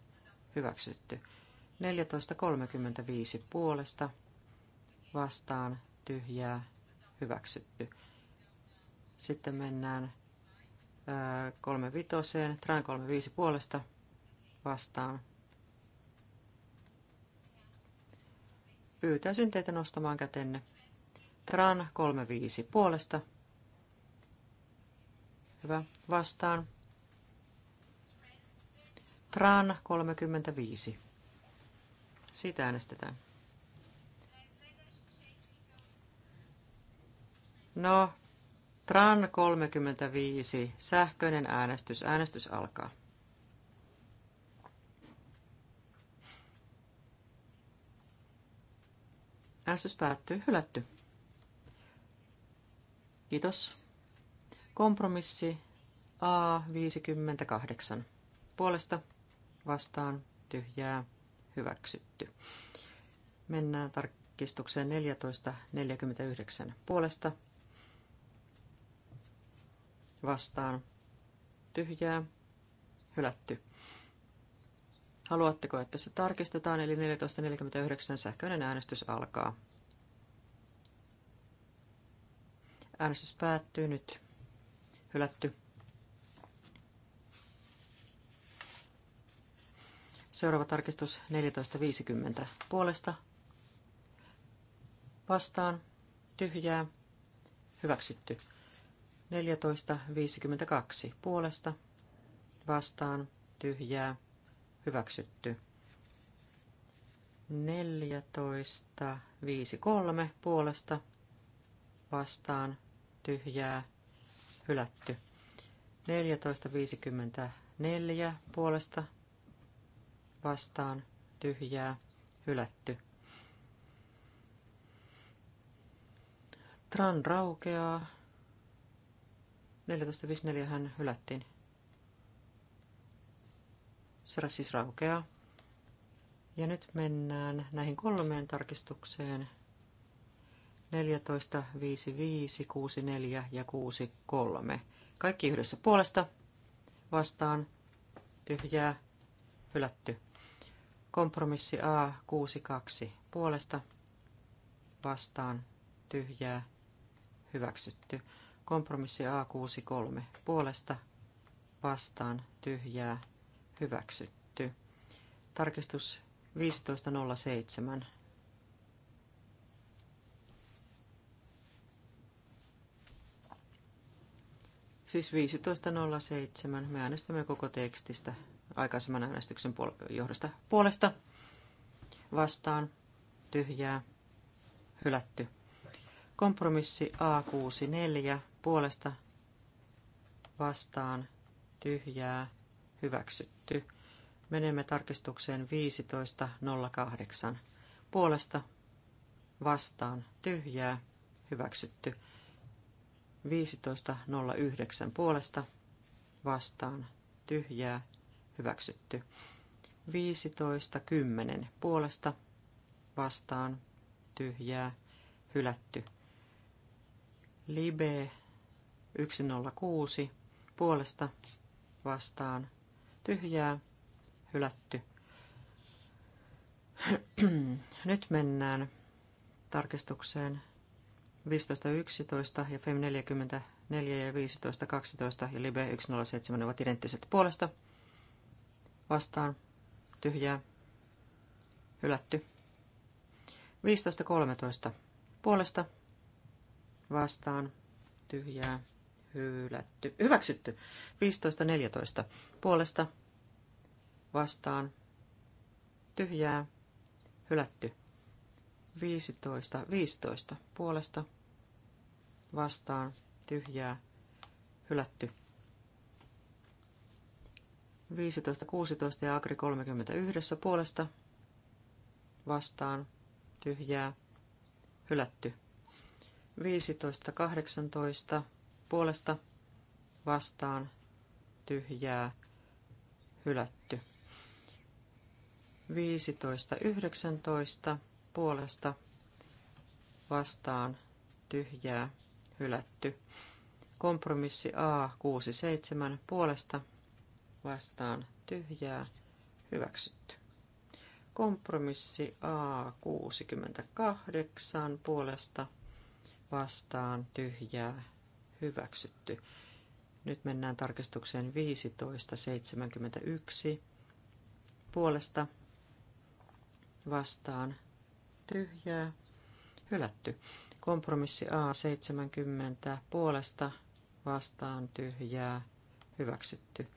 S3: hyväksytty. 14.35 puolesta vastaan, vastaan tyhjää hyväksytty. Sitten mennään kolme vitoseen, Tran 35 puolesta vastaan. Pyytäisin teitä nostamaan kätenne. Tran 35 puolesta. Hyvä. Vastaan. Tran 35. Siitä äänestetään. No, TRAN 35, sähköinen äänestys. Äänestys alkaa. Äänestys päättyy. Hylätty. Kiitos. Kompromissi A58. Puolesta vastaan tyhjää hyväksytty. Mennään tarkistukseen 14.49. Puolesta vastaan tyhjää, hylätty. Haluatteko, että se tarkistetaan, eli 14.49 sähköinen äänestys alkaa. Äänestys päättyy nyt. Hylätty. Seuraava tarkistus 14.50. Puolesta. Vastaan. Tyhjää. Hyväksytty. 14.52 puolesta vastaan tyhjää hyväksytty. 14.53 puolesta vastaan tyhjää hylätty. 14.54 puolesta vastaan tyhjää hylätty. Tran raukeaa 14.54 hän hylättiin. Se siis raukeaa. Ja nyt mennään näihin kolmeen tarkistukseen. 14, 5, 5, 6, 4 ja 6, 3. Kaikki yhdessä puolesta. Vastaan. Tyhjää. Hylätty. Kompromissi A, 6, 2. Puolesta. Vastaan. Tyhjää. Hyväksytty. Kompromissi A63 puolesta vastaan tyhjää hyväksytty. Tarkistus 1507 Siis 15.07. Me äänestämme koko tekstistä aikaisemman äänestyksen puol- johdosta puolesta. Vastaan. Tyhjää. Hylätty. Kompromissi A64 puolesta vastaan tyhjää hyväksytty. Menemme tarkistukseen 15.08. Puolesta vastaan tyhjää hyväksytty. 15.09 puolesta vastaan tyhjää hyväksytty. 15.10 puolesta vastaan tyhjää hylätty. Libe 106 puolesta vastaan tyhjää hylätty. Nyt mennään tarkistukseen 15.11 ja FEM 44 ja 15.12 ja LIBE 107 ovat identtiset puolesta. Vastaan tyhjää hylätty. 15.13 puolesta vastaan tyhjää hylätty, hyväksytty. 15.14 puolesta vastaan tyhjää hylätty. 15, 15 puolesta vastaan tyhjää hylätty. 15, 16 ja Agri 31 puolesta vastaan tyhjää hylätty. 15, 18 puolesta vastaan tyhjää hylätty. 15.19 puolesta vastaan tyhjää hylätty. Kompromissi A67 puolesta vastaan tyhjää hyväksytty. Kompromissi A68 puolesta vastaan tyhjää hyväksytty. Nyt mennään tarkistukseen 1571. Puolesta vastaan tyhjää, hylätty. Kompromissi A70 puolesta vastaan tyhjää, hyväksytty.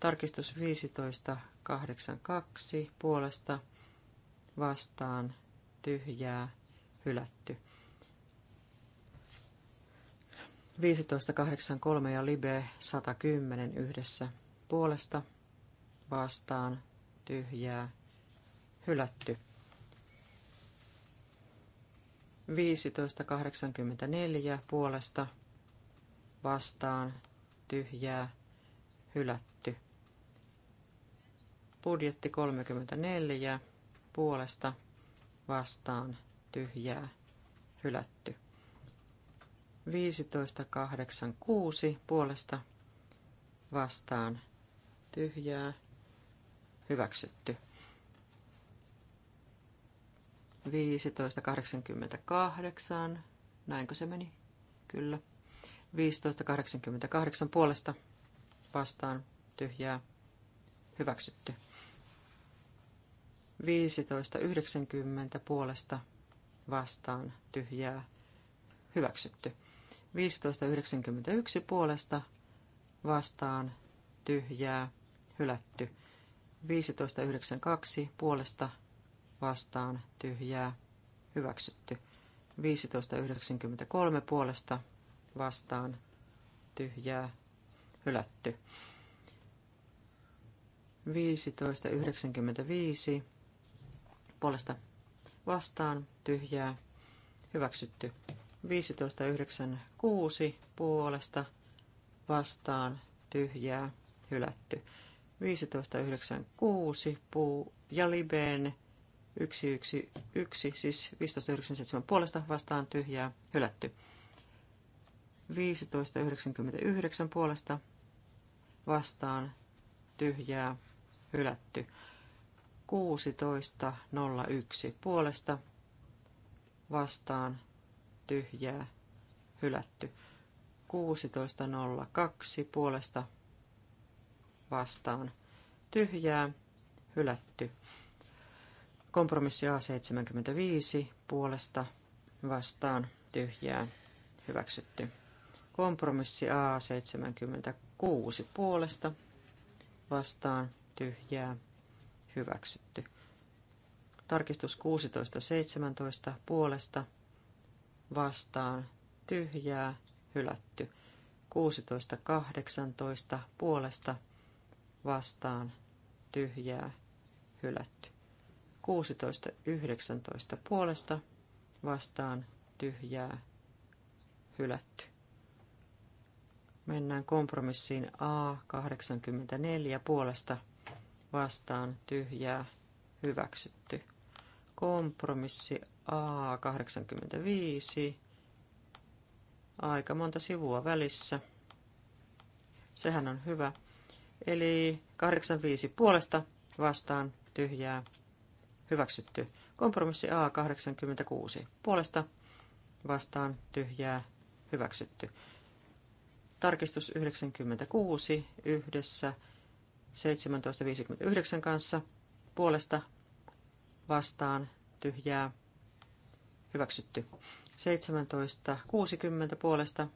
S3: Tarkistus 1582 puolesta vastaan tyhjää, hylätty. 1583 ja Libe 110 yhdessä puolesta vastaan tyhjää hylätty. 1584 puolesta vastaan tyhjää hylätty. Budjetti 34 puolesta vastaan tyhjää hylätty. 1586 puolesta vastaan tyhjää hyväksytty. 1588, näinkö se meni? Kyllä. 1588 puolesta vastaan tyhjää hyväksytty. 1590 puolesta vastaan tyhjää hyväksytty. 1591 puolesta vastaan tyhjää hylätty. 1592 puolesta vastaan tyhjää hyväksytty. 1593 puolesta vastaan tyhjää hylätty. 1595 puolesta vastaan tyhjää hyväksytty. 1596 puolesta vastaan tyhjää hylätty. 1596 puu ja libeen 111, siis 1597 puolesta vastaan tyhjää hylätty. 1599 puolesta vastaan tyhjää hylätty. 1601 puolesta vastaan tyhjää, hylätty. 16.02 puolesta vastaan tyhjää, hylätty. Kompromissi A75 puolesta vastaan tyhjää, hyväksytty. Kompromissi A76 puolesta vastaan tyhjää, hyväksytty. Tarkistus 16.17 puolesta vastaan tyhjää hylätty. 16.18 puolesta vastaan tyhjää hylätty. 16.19 puolesta vastaan tyhjää hylätty. Mennään kompromissiin A84 puolesta vastaan tyhjää hyväksytty. Kompromissi A85. Aika monta sivua välissä. Sehän on hyvä. Eli 85 puolesta vastaan tyhjää hyväksytty. Kompromissi A86 puolesta vastaan tyhjää hyväksytty. Tarkistus 96 yhdessä 1759 kanssa puolesta vastaan tyhjää hyväksytty. 17.60 puolesta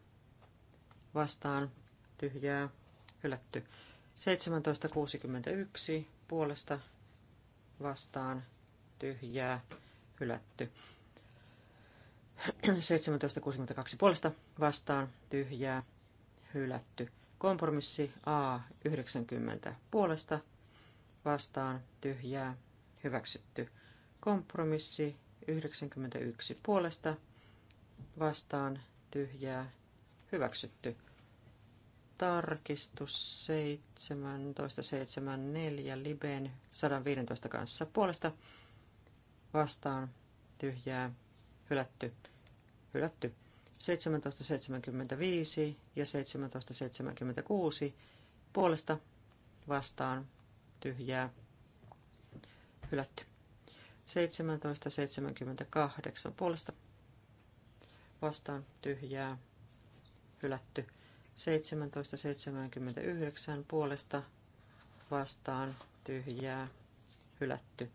S3: vastaan tyhjää hylätty. 1761 puolesta vastaan tyhjää hylätty. 1762 puolesta vastaan tyhjää hylätty. Kompromissi A 90 puolesta vastaan tyhjää hyväksytty. Kompromissi 91 puolesta vastaan tyhjää hyväksytty. Tarkistus 1774 Liben 115 kanssa puolesta vastaan tyhjää hylätty. hylätty. 1775 ja 1776 puolesta vastaan tyhjää hylätty. 1778 puolesta vastaan tyhjää hylätty. 1779 puolesta vastaan tyhjää hylätty.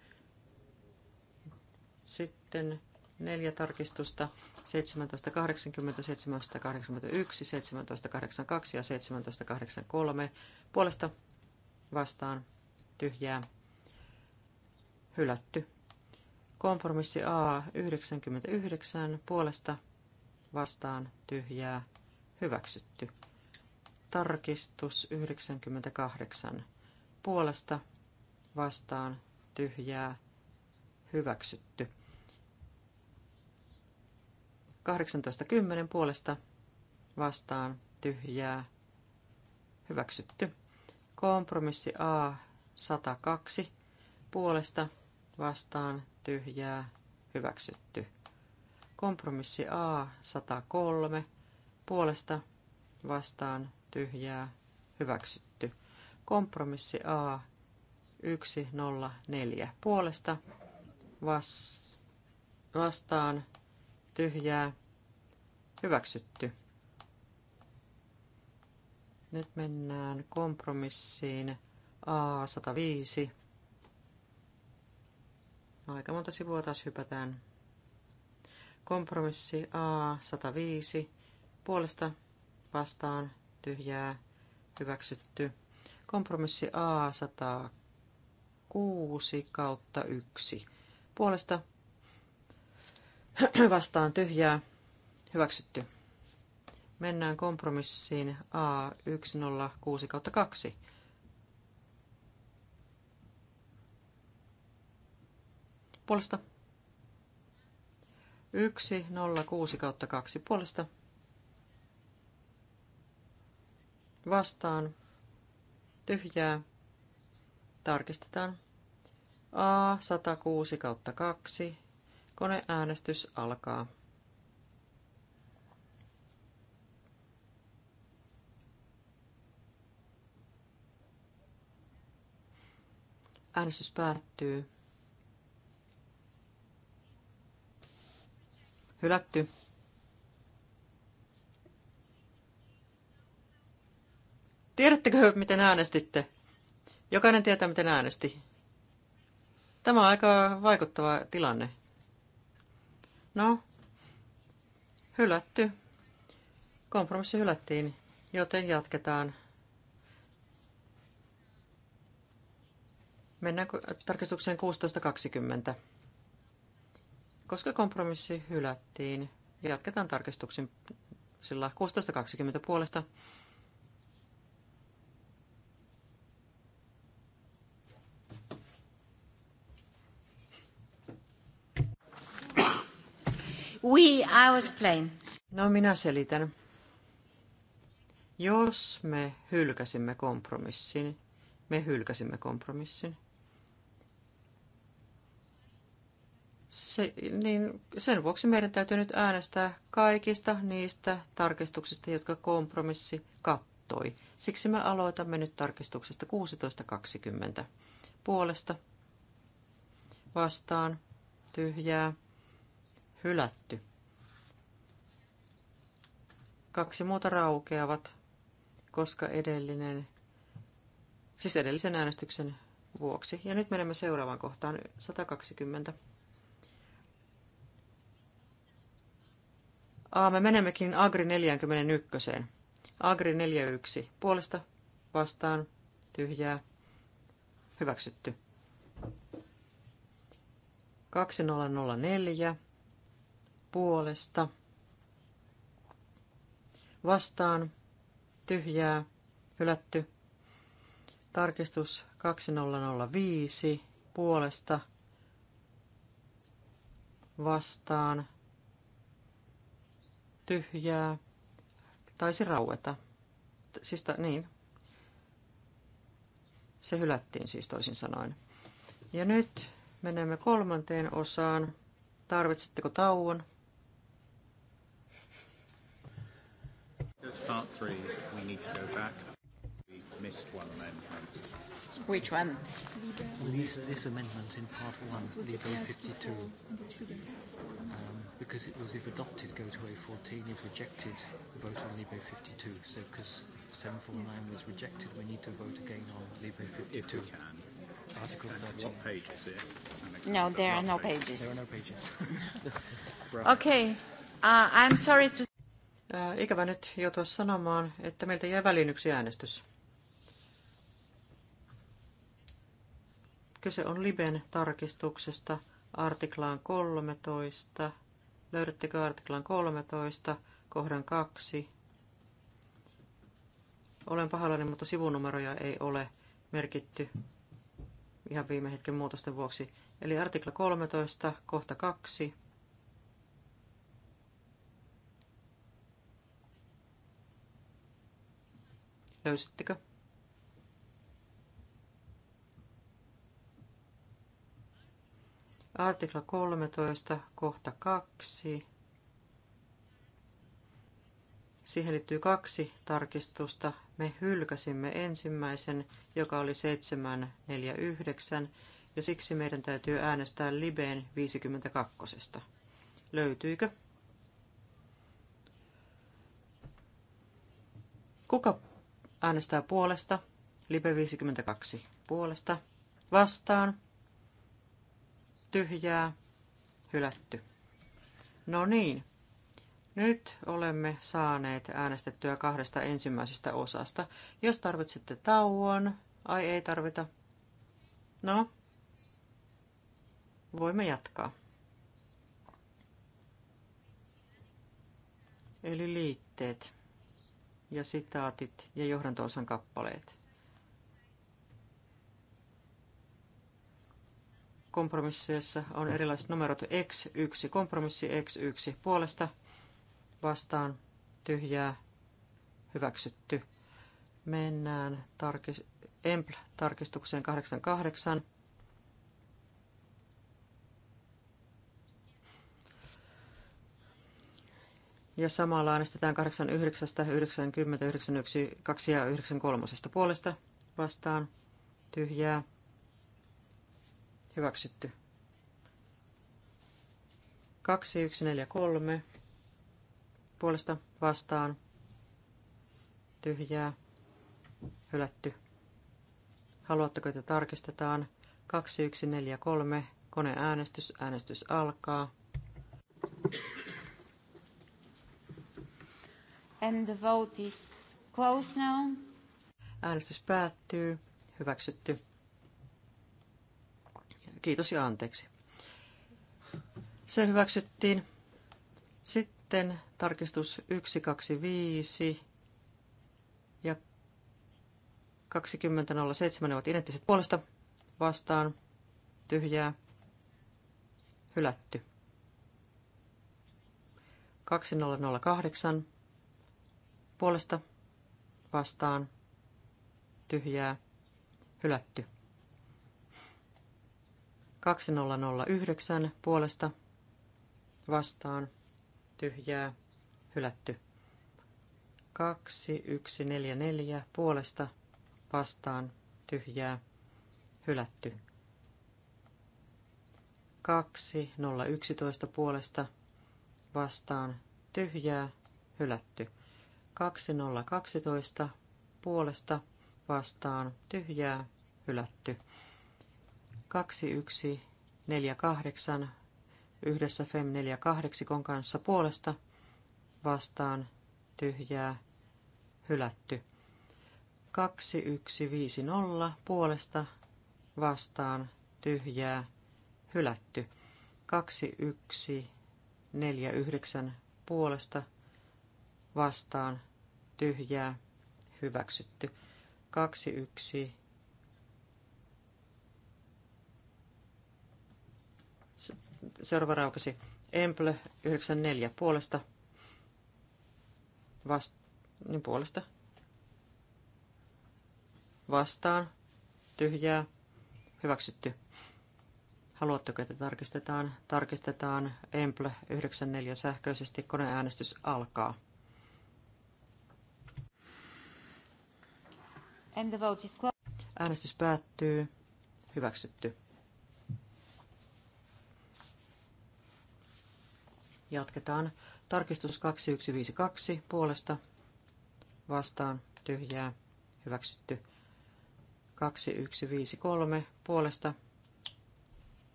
S3: Sitten neljä tarkistusta 1780, 1781, 1782 ja 1783 puolesta vastaan tyhjää hylätty. Kompromissi A 99 puolesta vastaan tyhjää hyväksytty. Tarkistus 98 puolesta vastaan tyhjää hyväksytty. 18.10 puolesta vastaan tyhjää hyväksytty. Kompromissi A 102 puolesta vastaan tyhjää, hyväksytty. Kompromissi A 103, puolesta vastaan tyhjää, hyväksytty. Kompromissi A 104, puolesta vas, vastaan tyhjää, hyväksytty. Nyt mennään kompromissiin A105 Aika monta sivua taas hypätään. Kompromissi A 105. Puolesta vastaan tyhjää hyväksytty. Kompromissi A 106 kautta 1. Puolesta vastaan tyhjää hyväksytty. Mennään kompromissiin A106 kautta 2 puolesta. 1, 0, 6 kautta 2 puolesta. Vastaan. Tyhjää. Tarkistetaan. A, 106 kautta 2. Koneäänestys alkaa. Äänestys päättyy. Hylätty. Tiedättekö, miten äänestitte? Jokainen tietää, miten äänesti. Tämä on aika vaikuttava tilanne. No, hylätty. Kompromissi hylättiin, joten jatketaan. Mennään tarkistukseen 16.20 koska kompromissi hylättiin. Jatketaan tarkistuksen sillä 16.20 puolesta.
S1: We, I'll explain. No
S3: minä selitän. Jos me hylkäsimme kompromissin, me hylkäsimme kompromissin. se, niin sen vuoksi meidän täytyy nyt äänestää kaikista niistä tarkistuksista, jotka kompromissi kattoi. Siksi me aloitamme nyt tarkistuksesta 16.20. Puolesta vastaan tyhjää hylätty. Kaksi muuta raukeavat, koska edellinen, siis edellisen äänestyksen vuoksi. Ja nyt menemme seuraavaan kohtaan 120. Aa, me menemmekin Agri 41. Agri 41. Puolesta vastaan tyhjää. Hyväksytty. 2004 puolesta vastaan tyhjää hylätty. Tarkistus 2005 puolesta vastaan tyhjää, taisi raueta. Siis ta, niin, se hylättiin siis toisin sanoen. Ja nyt menemme kolmanteen osaan. Tarvitsetteko tauon?
S2: Part three, we need to go back. We missed one amendment. Which one? These, this amendment in part one, Libre 52. Um, because it was, if adopted, go to A14. If rejected, vote on Libre 52. So because 749 was rejected, we need to
S3: vote again on Libre 52. If we can. Article 13. What page is it? No, there are no pages. There are no pages. okay. Uh, I'm sorry to... Ikävä nyt joutua sanomaan, että meiltä jää väliin yksi äänestys. Kyse on Liben tarkistuksesta artiklaan 13. Löydättekö artiklan 13, kohdan 2? Olen pahoillani, mutta sivunumeroja ei ole merkitty ihan viime hetken muutosten vuoksi. Eli artikla 13, kohta 2. Löysittekö? Artikla 13, kohta 2. Siihen liittyy kaksi tarkistusta. Me hylkäsimme ensimmäisen, joka oli 749, ja siksi meidän täytyy äänestää Libeen 52. Löytyykö? Kuka äänestää puolesta? Libe 52. Puolesta. Vastaan tyhjää, hylätty. No niin, nyt olemme saaneet äänestettyä kahdesta ensimmäisestä osasta. Jos tarvitsette tauon, ai ei tarvita. No, voimme jatkaa. Eli liitteet ja sitaatit ja johdantoosan kappaleet. kompromisseissa on erilaiset numerot X1, kompromissi X1 puolesta vastaan tyhjää hyväksytty. Mennään tarkis, EMPL-tarkistukseen 88. Ja samalla äänestetään 89, 90, 91, 2 ja 93 puolesta vastaan tyhjää Hyväksytty. 2143. Puolesta vastaan. Tyhjää. Hylätty. Haluatteko, että tarkistetaan? 2143. Koneäänestys. Äänestys alkaa.
S1: And the vote is closed now.
S3: Äänestys päättyy. Hyväksytty. Kiitos ja anteeksi. Se hyväksyttiin. Sitten tarkistus 125 ja 2007 ovat identtiset puolesta vastaan tyhjää hylätty. 2008 puolesta vastaan tyhjää hylätty. 2009 puolesta vastaan tyhjää hylätty. 2144 puolesta vastaan tyhjää hylätty. 2011 puolesta vastaan tyhjää hylätty. 2012 puolesta vastaan tyhjää hylätty. 2148 yhdessä FEM 48 kanssa puolesta vastaan tyhjää hylätty. 2150 puolesta vastaan tyhjää hylätty. 2149 puolesta vastaan tyhjää hyväksytty. 21 seuraava raukasi Emple 94 puolesta. Vast, niin puolesta. Vastaan. Tyhjää. Hyväksytty. Haluatteko, että tarkistetaan? Tarkistetaan Emple 94 sähköisesti. Koneäänestys alkaa.
S1: And the vote is
S3: Äänestys päättyy. Hyväksytty. Jatketaan. Tarkistus 2152 puolesta vastaan tyhjää hyväksytty. 2153 puolesta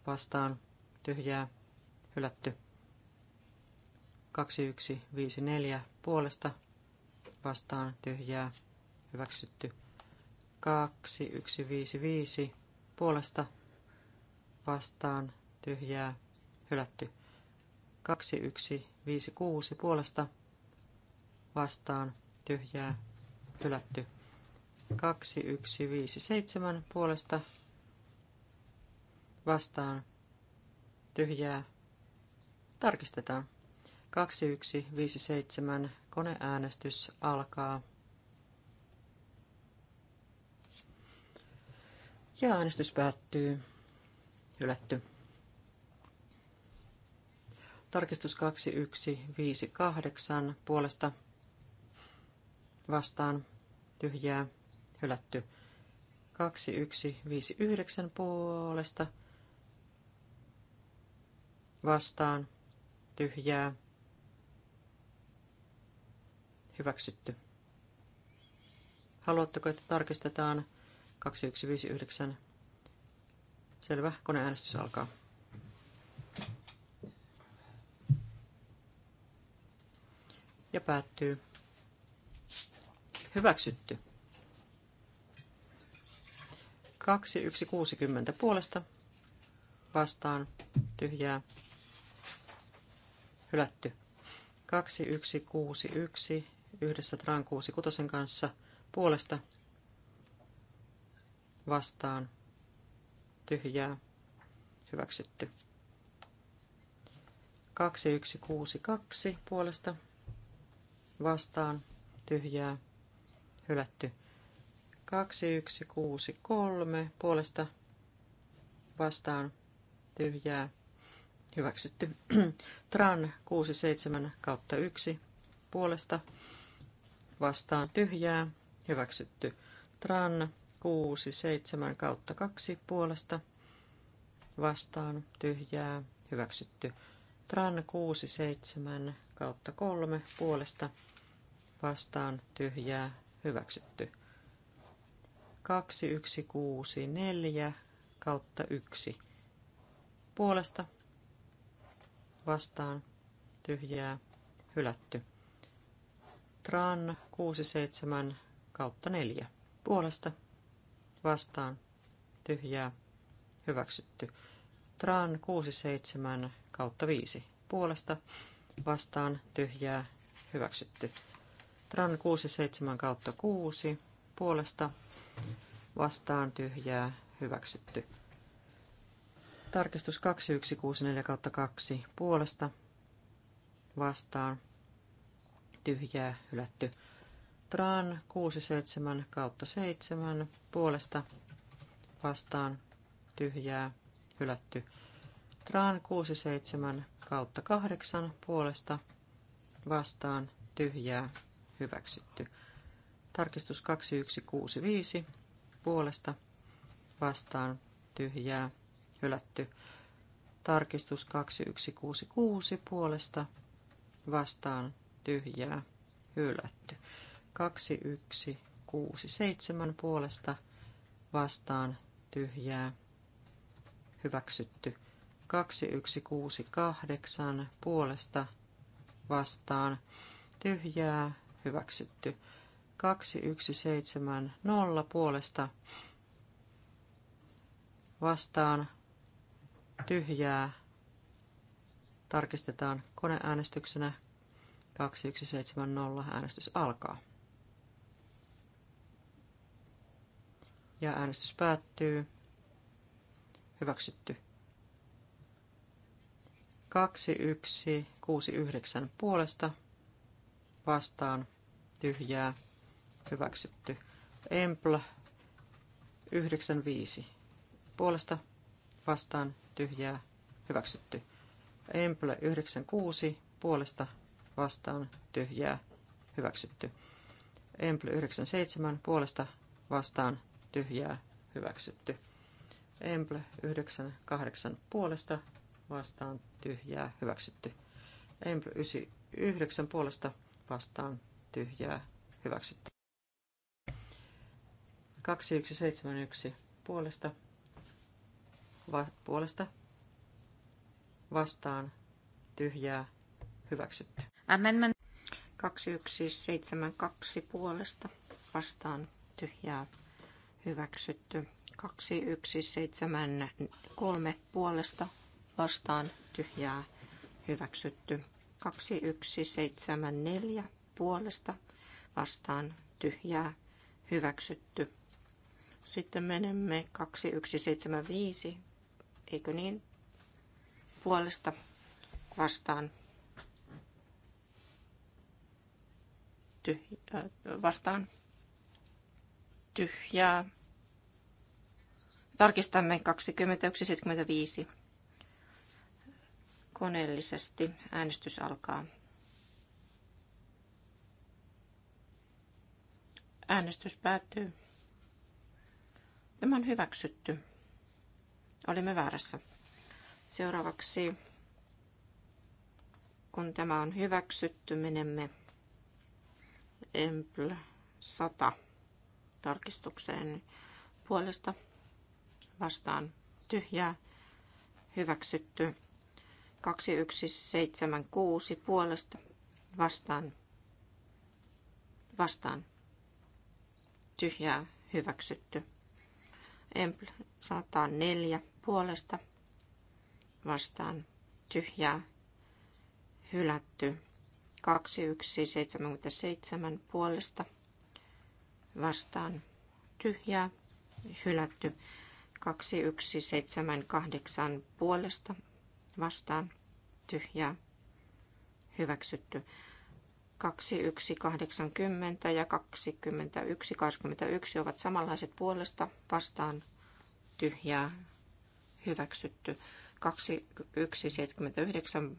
S3: vastaan tyhjää hylätty. 2154 puolesta vastaan tyhjää hyväksytty. 2155 puolesta vastaan tyhjää hylätty. 2156 puolesta vastaan tyhjää hylätty. 2157 puolesta vastaan tyhjää tarkistetaan. 2157 koneäänestys alkaa. Ja äänestys päättyy. Hylätty. Tarkistus 2158 puolesta vastaan tyhjää hylätty. 2159 puolesta vastaan tyhjää hyväksytty. Haluatteko, että tarkistetaan 2159? Selvä, koneäänestys alkaa. ja päättyy. Hyväksytty. 60 puolesta vastaan tyhjää hylätty. 1. yhdessä Tran 6 kanssa puolesta vastaan tyhjää hyväksytty. 2. puolesta vastaan tyhjää hylätty. 2163 puolesta vastaan tyhjää hyväksytty. Tran 67 kautta 1 puolesta vastaan tyhjää hyväksytty. Tran 67 kautta 2 puolesta vastaan tyhjää hyväksytty. Tran 67 kautta 3 puolesta vastaan tyhjää hyväksytty. 2164 kautta 1 puolesta vastaan tyhjää hylätty. Tran 67 kautta 4 puolesta vastaan tyhjää hyväksytty. Tran 67 kautta 5 puolesta vastaan tyhjää hyväksytty. Tran 67 kautta 6 puolesta vastaan tyhjää hyväksytty. Tarkistus 2164 kautta 2 puolesta vastaan tyhjää hylätty. Tran 67 kautta 7 puolesta vastaan tyhjää hylätty. Traan 67 kautta 8 puolesta vastaan tyhjää hyväksytty. Tarkistus 2165 puolesta vastaan tyhjää hylätty. Tarkistus 2166 puolesta vastaan tyhjää hylätty. 2167 puolesta vastaan tyhjää hyväksytty. 2168 puolesta vastaan tyhjää hyväksytty. 2170 puolesta vastaan tyhjää tarkistetaan koneäänestyksenä 2170 äänestys alkaa. Ja äänestys päättyy. Hyväksytty. 2169 puolesta vastaan tyhjää hyväksytty. Empl 95 puolesta vastaan tyhjää hyväksytty. Empl 96 puolesta vastaan tyhjää hyväksytty. Empl 97 puolesta vastaan tyhjää hyväksytty. Emple 98 puolesta vastaan tyhjää hyväksytty. Emple 99 puolesta vastaan tyhjää hyväksytty. 2171 puolesta, va, puolesta vastaan tyhjää hyväksytty. Amendment
S1: 2172 puolesta vastaan tyhjää hyväksytty. 3 puolesta vastaan tyhjää hyväksytty. 4 puolesta vastaan tyhjää hyväksytty. Sitten menemme 5, eikö niin? Puolesta vastaan tyhjää, äh, vastaan tyhjää Tarkistamme 21.75. Koneellisesti äänestys alkaa. Äänestys päättyy. Tämä on hyväksytty. Olimme väärässä. Seuraavaksi, kun tämä on hyväksytty, menemme Empl 100 tarkistukseen puolesta vastaan tyhjää hyväksytty. 2176 puolesta vastaan vastaan tyhjää hyväksytty. Empl 104 puolesta vastaan tyhjää hylätty. 2177 puolesta vastaan tyhjää hylätty. 2178 puolesta vastaan tyhjää hyväksytty. 2180 ja 2121 ovat samanlaiset puolesta vastaan tyhjää hyväksytty. 2179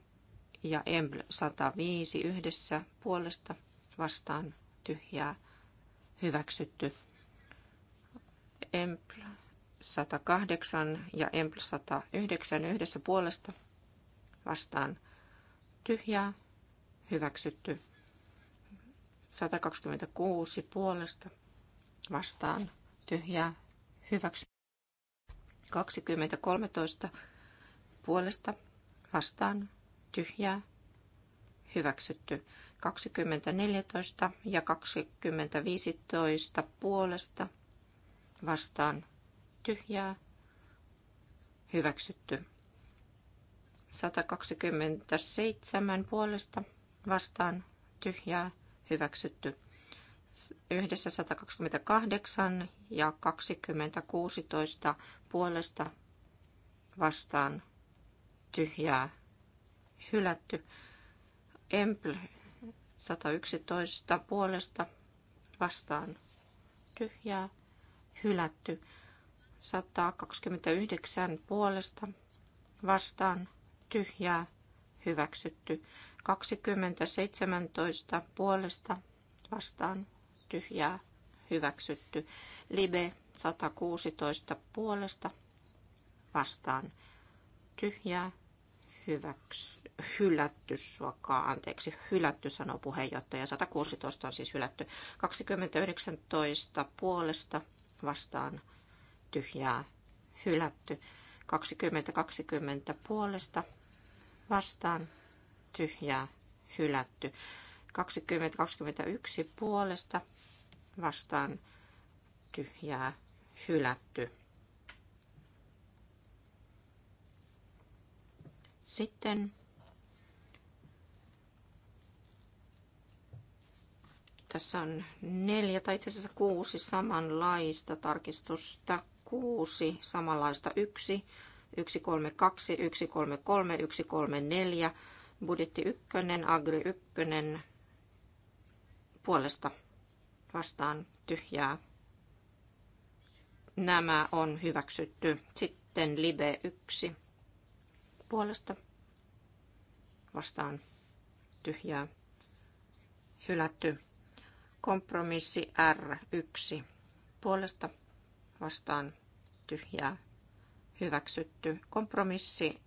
S1: ja Embl 105 yhdessä puolesta vastaan tyhjää hyväksytty. Empl 108 ja m 109 yhdessä puolesta vastaan tyhjää hyväksytty. 126 puolesta vastaan tyhjää hyväksytty. 2013 puolesta vastaan tyhjää hyväksytty. 2014 ja 2015 puolesta vastaan tyhjää, hyväksytty. 127 puolesta vastaan tyhjää, hyväksytty. Yhdessä 128 ja 2016 puolesta vastaan tyhjää, hylätty. Empl 111 puolesta vastaan tyhjää, hylätty. 129 puolesta vastaan tyhjää hyväksytty. 2017 puolesta vastaan tyhjää hyväksytty. Libe 116 puolesta vastaan tyhjää hyväks, hylätty suokaa, anteeksi, hylätty sanoo puheenjohtaja, 116 on siis hylätty, 2019 puolesta vastaan tyhjää hylätty. 2020 puolesta vastaan tyhjää hylätty. 2021 puolesta vastaan tyhjää hylätty. Sitten tässä on neljä tai itse asiassa kuusi samanlaista tarkistusta 6, samanlaista 1, 132, 133, 134, budjetti 1, agri 1, puolesta vastaan tyhjää. Nämä on hyväksytty. Sitten libe 1, puolesta vastaan tyhjää. Hylätty. Kompromissi R1, puolesta vastaan tyhjää hyväksytty. Kompromissi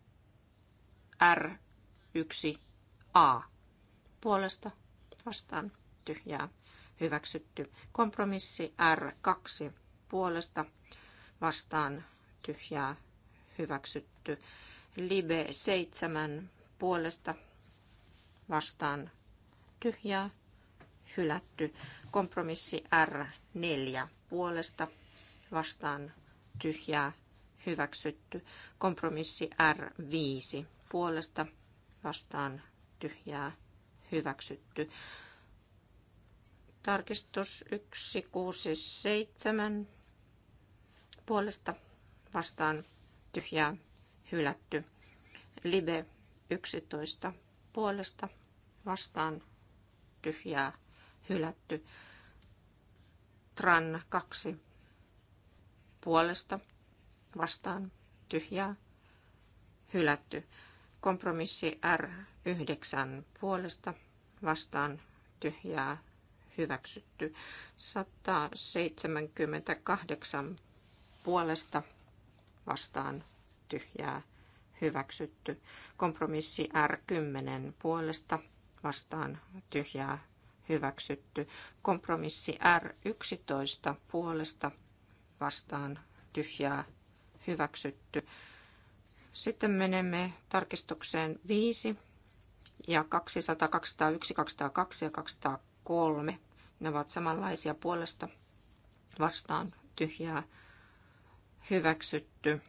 S1: R1A puolesta vastaan tyhjää hyväksytty. Kompromissi R2 puolesta vastaan tyhjää hyväksytty. Libe 7 puolesta vastaan tyhjää hylätty. Kompromissi R4 puolesta vastaan tyhjää hyväksytty. Kompromissi R5 puolesta vastaan tyhjää hyväksytty. Tarkistus 167 puolesta vastaan tyhjää hylätty. Libe 11 puolesta vastaan tyhjää hylätty. Tran 2 puolesta vastaan tyhjää hylätty. Kompromissi R9 puolesta vastaan tyhjää hyväksytty. 178 puolesta vastaan tyhjää hyväksytty. Kompromissi R10 puolesta vastaan tyhjää hyväksytty. Kompromissi R11 puolesta vastaan tyhjää hyväksytty. Sitten menemme tarkistukseen 5 ja 200, 201, 202 ja 203. Ne ovat samanlaisia puolesta vastaan tyhjää hyväksytty.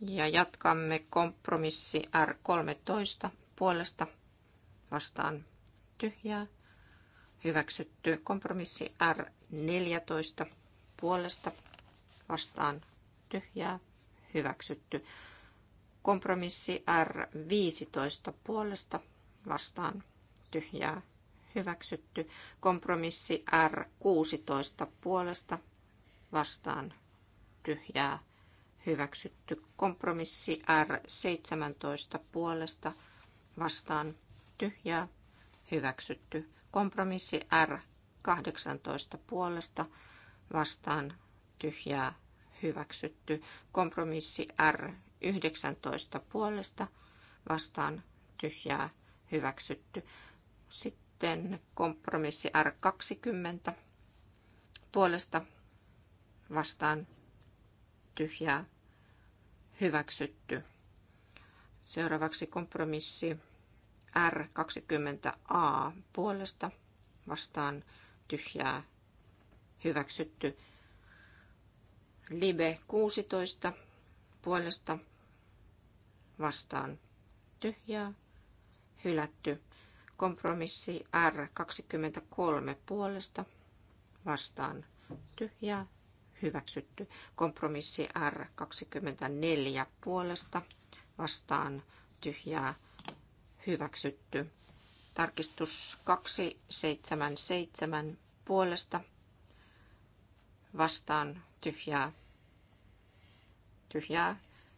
S1: Ja jatkamme kompromissi R13 puolesta vastaan tyhjää hyväksytty. Kompromissi R14 puolesta vastaan tyhjää hyväksytty. Kompromissi R15 puolesta vastaan tyhjää hyväksytty. Kompromissi R16 puolesta vastaan tyhjää hyväksytty. Kompromissi R17 puolesta vastaan tyhjää hyväksytty. Kompromissi R18 puolesta vastaan, vastaan tyhjää hyväksytty. Kompromissi R19 puolesta vastaan tyhjää hyväksytty. Sitten kompromissi R20 puolesta vastaan tyhjää hyväksytty. Seuraavaksi kompromissi R20A puolesta vastaan tyhjää hyväksytty. Libe 16 puolesta vastaan tyhjää, hylätty. Kompromissi R23 puolesta vastaan tyhjää, hyväksytty. Kompromissi R24 puolesta vastaan tyhjää, hyväksytty. Tarkistus 277 puolesta vastaan tyhjää. Tyhjää.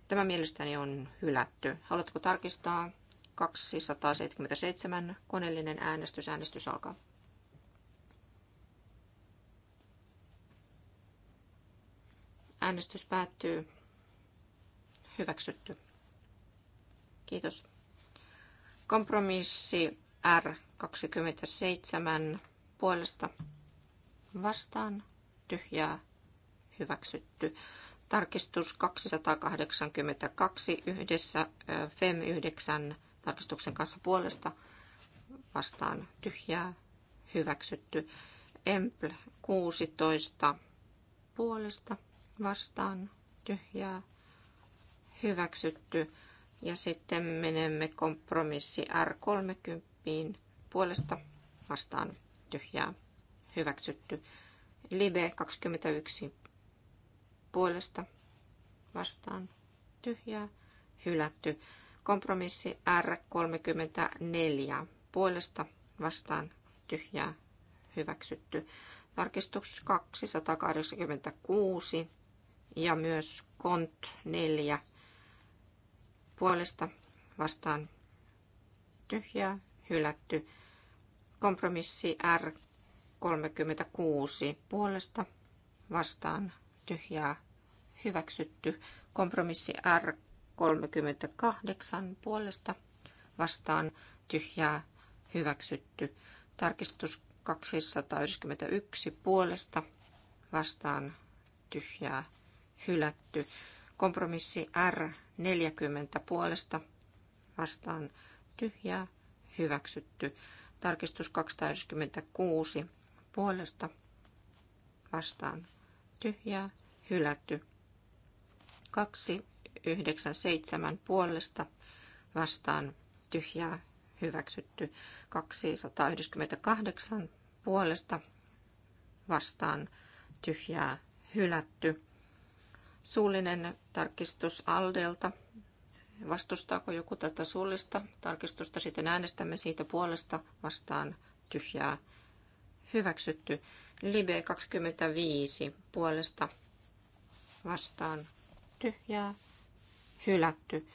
S1: Tämä mielestäni on hylätty. Haluatko tarkistaa? 277. Koneellinen äänestys. Äänestys alkaa. Äänestys päättyy. Hyväksytty. Kiitos. Kompromissi R27 puolesta vastaan ja hyväksytty. Tarkistus 282 yhdessä FEM 9 tarkistuksen kanssa puolesta vastaan tyhjää hyväksytty. Empl 16 puolesta vastaan tyhjää hyväksytty. Ja sitten menemme kompromissi R30 puolesta vastaan tyhjää hyväksytty. Live 21 puolesta vastaan tyhjää hylätty. Kompromissi R34 puolesta vastaan tyhjää hyväksytty. Tarkistus 286 ja myös kont 4 puolesta vastaan tyhjää hylätty. Kompromissi R 36 puolesta vastaan tyhjää hyväksytty. Kompromissi R38 puolesta vastaan tyhjää hyväksytty. Tarkistus 291 puolesta vastaan tyhjää hylätty. Kompromissi R40 puolesta vastaan tyhjää hyväksytty. Tarkistus 296 puolesta vastaan tyhjää hylätty. 297 puolesta vastaan tyhjää hyväksytty. 298 puolesta vastaan tyhjää hylätty. Suullinen tarkistus Aldelta. Vastustaako joku tätä suullista tarkistusta? Sitten äänestämme siitä puolesta vastaan tyhjää hyväksytty. Libe 25 puolesta vastaan tyhjää, hylätty.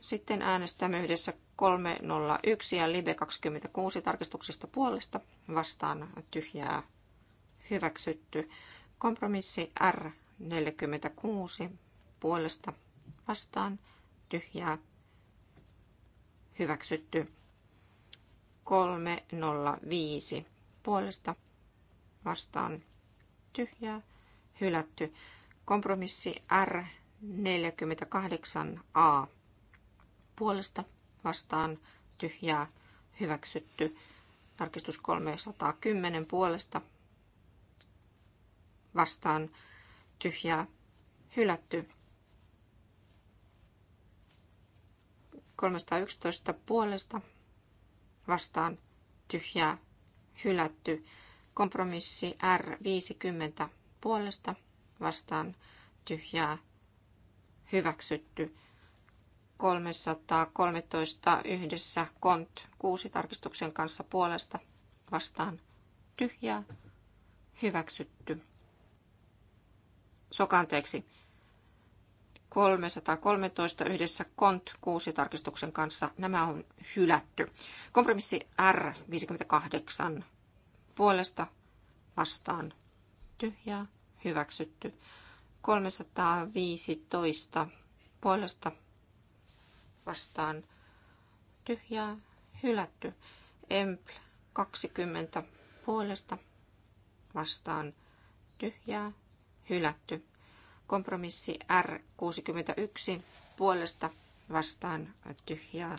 S1: Sitten äänestämme yhdessä 301 ja Libe 26 tarkistuksista puolesta vastaan tyhjää, hyväksytty. Kompromissi R46 puolesta vastaan tyhjää, hyväksytty. 305 puolesta vastaan tyhjää hylätty. Kompromissi R48A puolesta vastaan tyhjää hyväksytty. Tarkistus 310 puolesta vastaan tyhjää hylätty. 311 puolesta vastaan tyhjää hylätty. Kompromissi R50 puolesta vastaan tyhjää hyväksytty. 313 yhdessä kont 6 tarkistuksen kanssa puolesta vastaan tyhjää hyväksytty. Sokanteeksi 313 yhdessä KONT 6 tarkistuksen kanssa. Nämä on hylätty. Kompromissi R58 puolesta vastaan tyhjää hyväksytty. 315 puolesta vastaan tyhjää hylätty. Empl 20 puolesta vastaan tyhjää hylätty. Kompromissi R61 puolesta vastaan tyhjää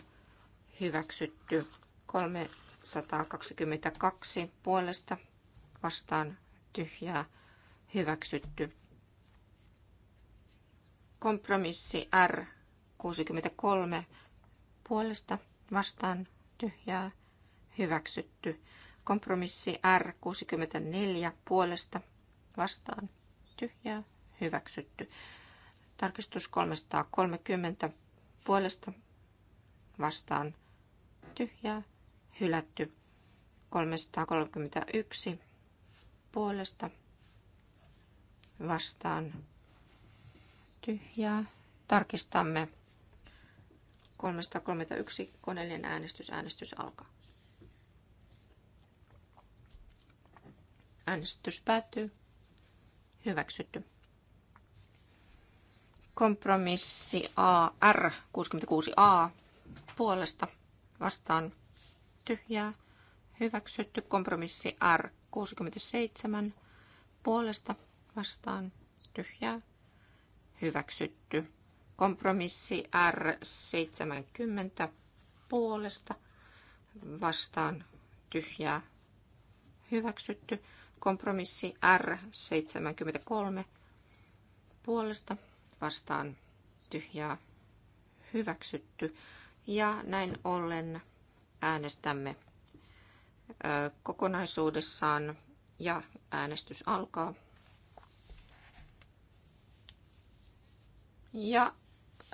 S1: hyväksytty. 322 puolesta vastaan tyhjää hyväksytty. Kompromissi R63 puolesta vastaan tyhjää hyväksytty. Kompromissi R64 puolesta vastaan tyhjää hyväksytty. Tarkistus 330 puolesta vastaan tyhjää hylätty. 331 puolesta vastaan tyhjää. Tarkistamme 331 koneellinen äänestys. Äänestys alkaa. Äänestys päättyy. Hyväksytty. Kompromissi AR 66A puolesta vastaan tyhjää. Hyväksytty kompromissi R 67 puolesta vastaan tyhjää. Hyväksytty kompromissi R 70 puolesta vastaan tyhjää. Hyväksytty kompromissi R 73 puolesta vastaan tyhjää hyväksytty. Ja näin ollen äänestämme kokonaisuudessaan ja äänestys alkaa. Ja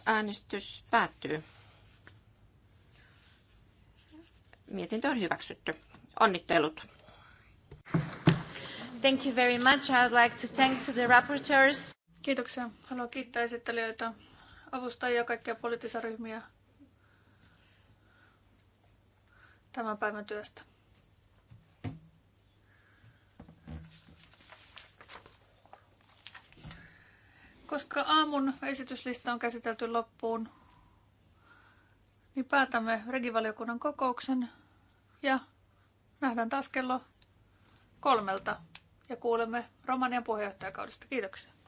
S1: äänestys päättyy. Mietintö on hyväksytty. Onnittelut. Thank you very much. I would like to thank to the
S2: rapporteurs. Kiitoksia. Haluan kiittää esittelijöitä, avustajia, kaikkia poliittisia ryhmiä tämän päivän työstä. Koska aamun esityslista on käsitelty loppuun, niin päätämme regivaliokunnan kokouksen ja nähdään taas kello kolmelta ja kuulemme Romanian puheenjohtajakaudesta. Kiitoksia.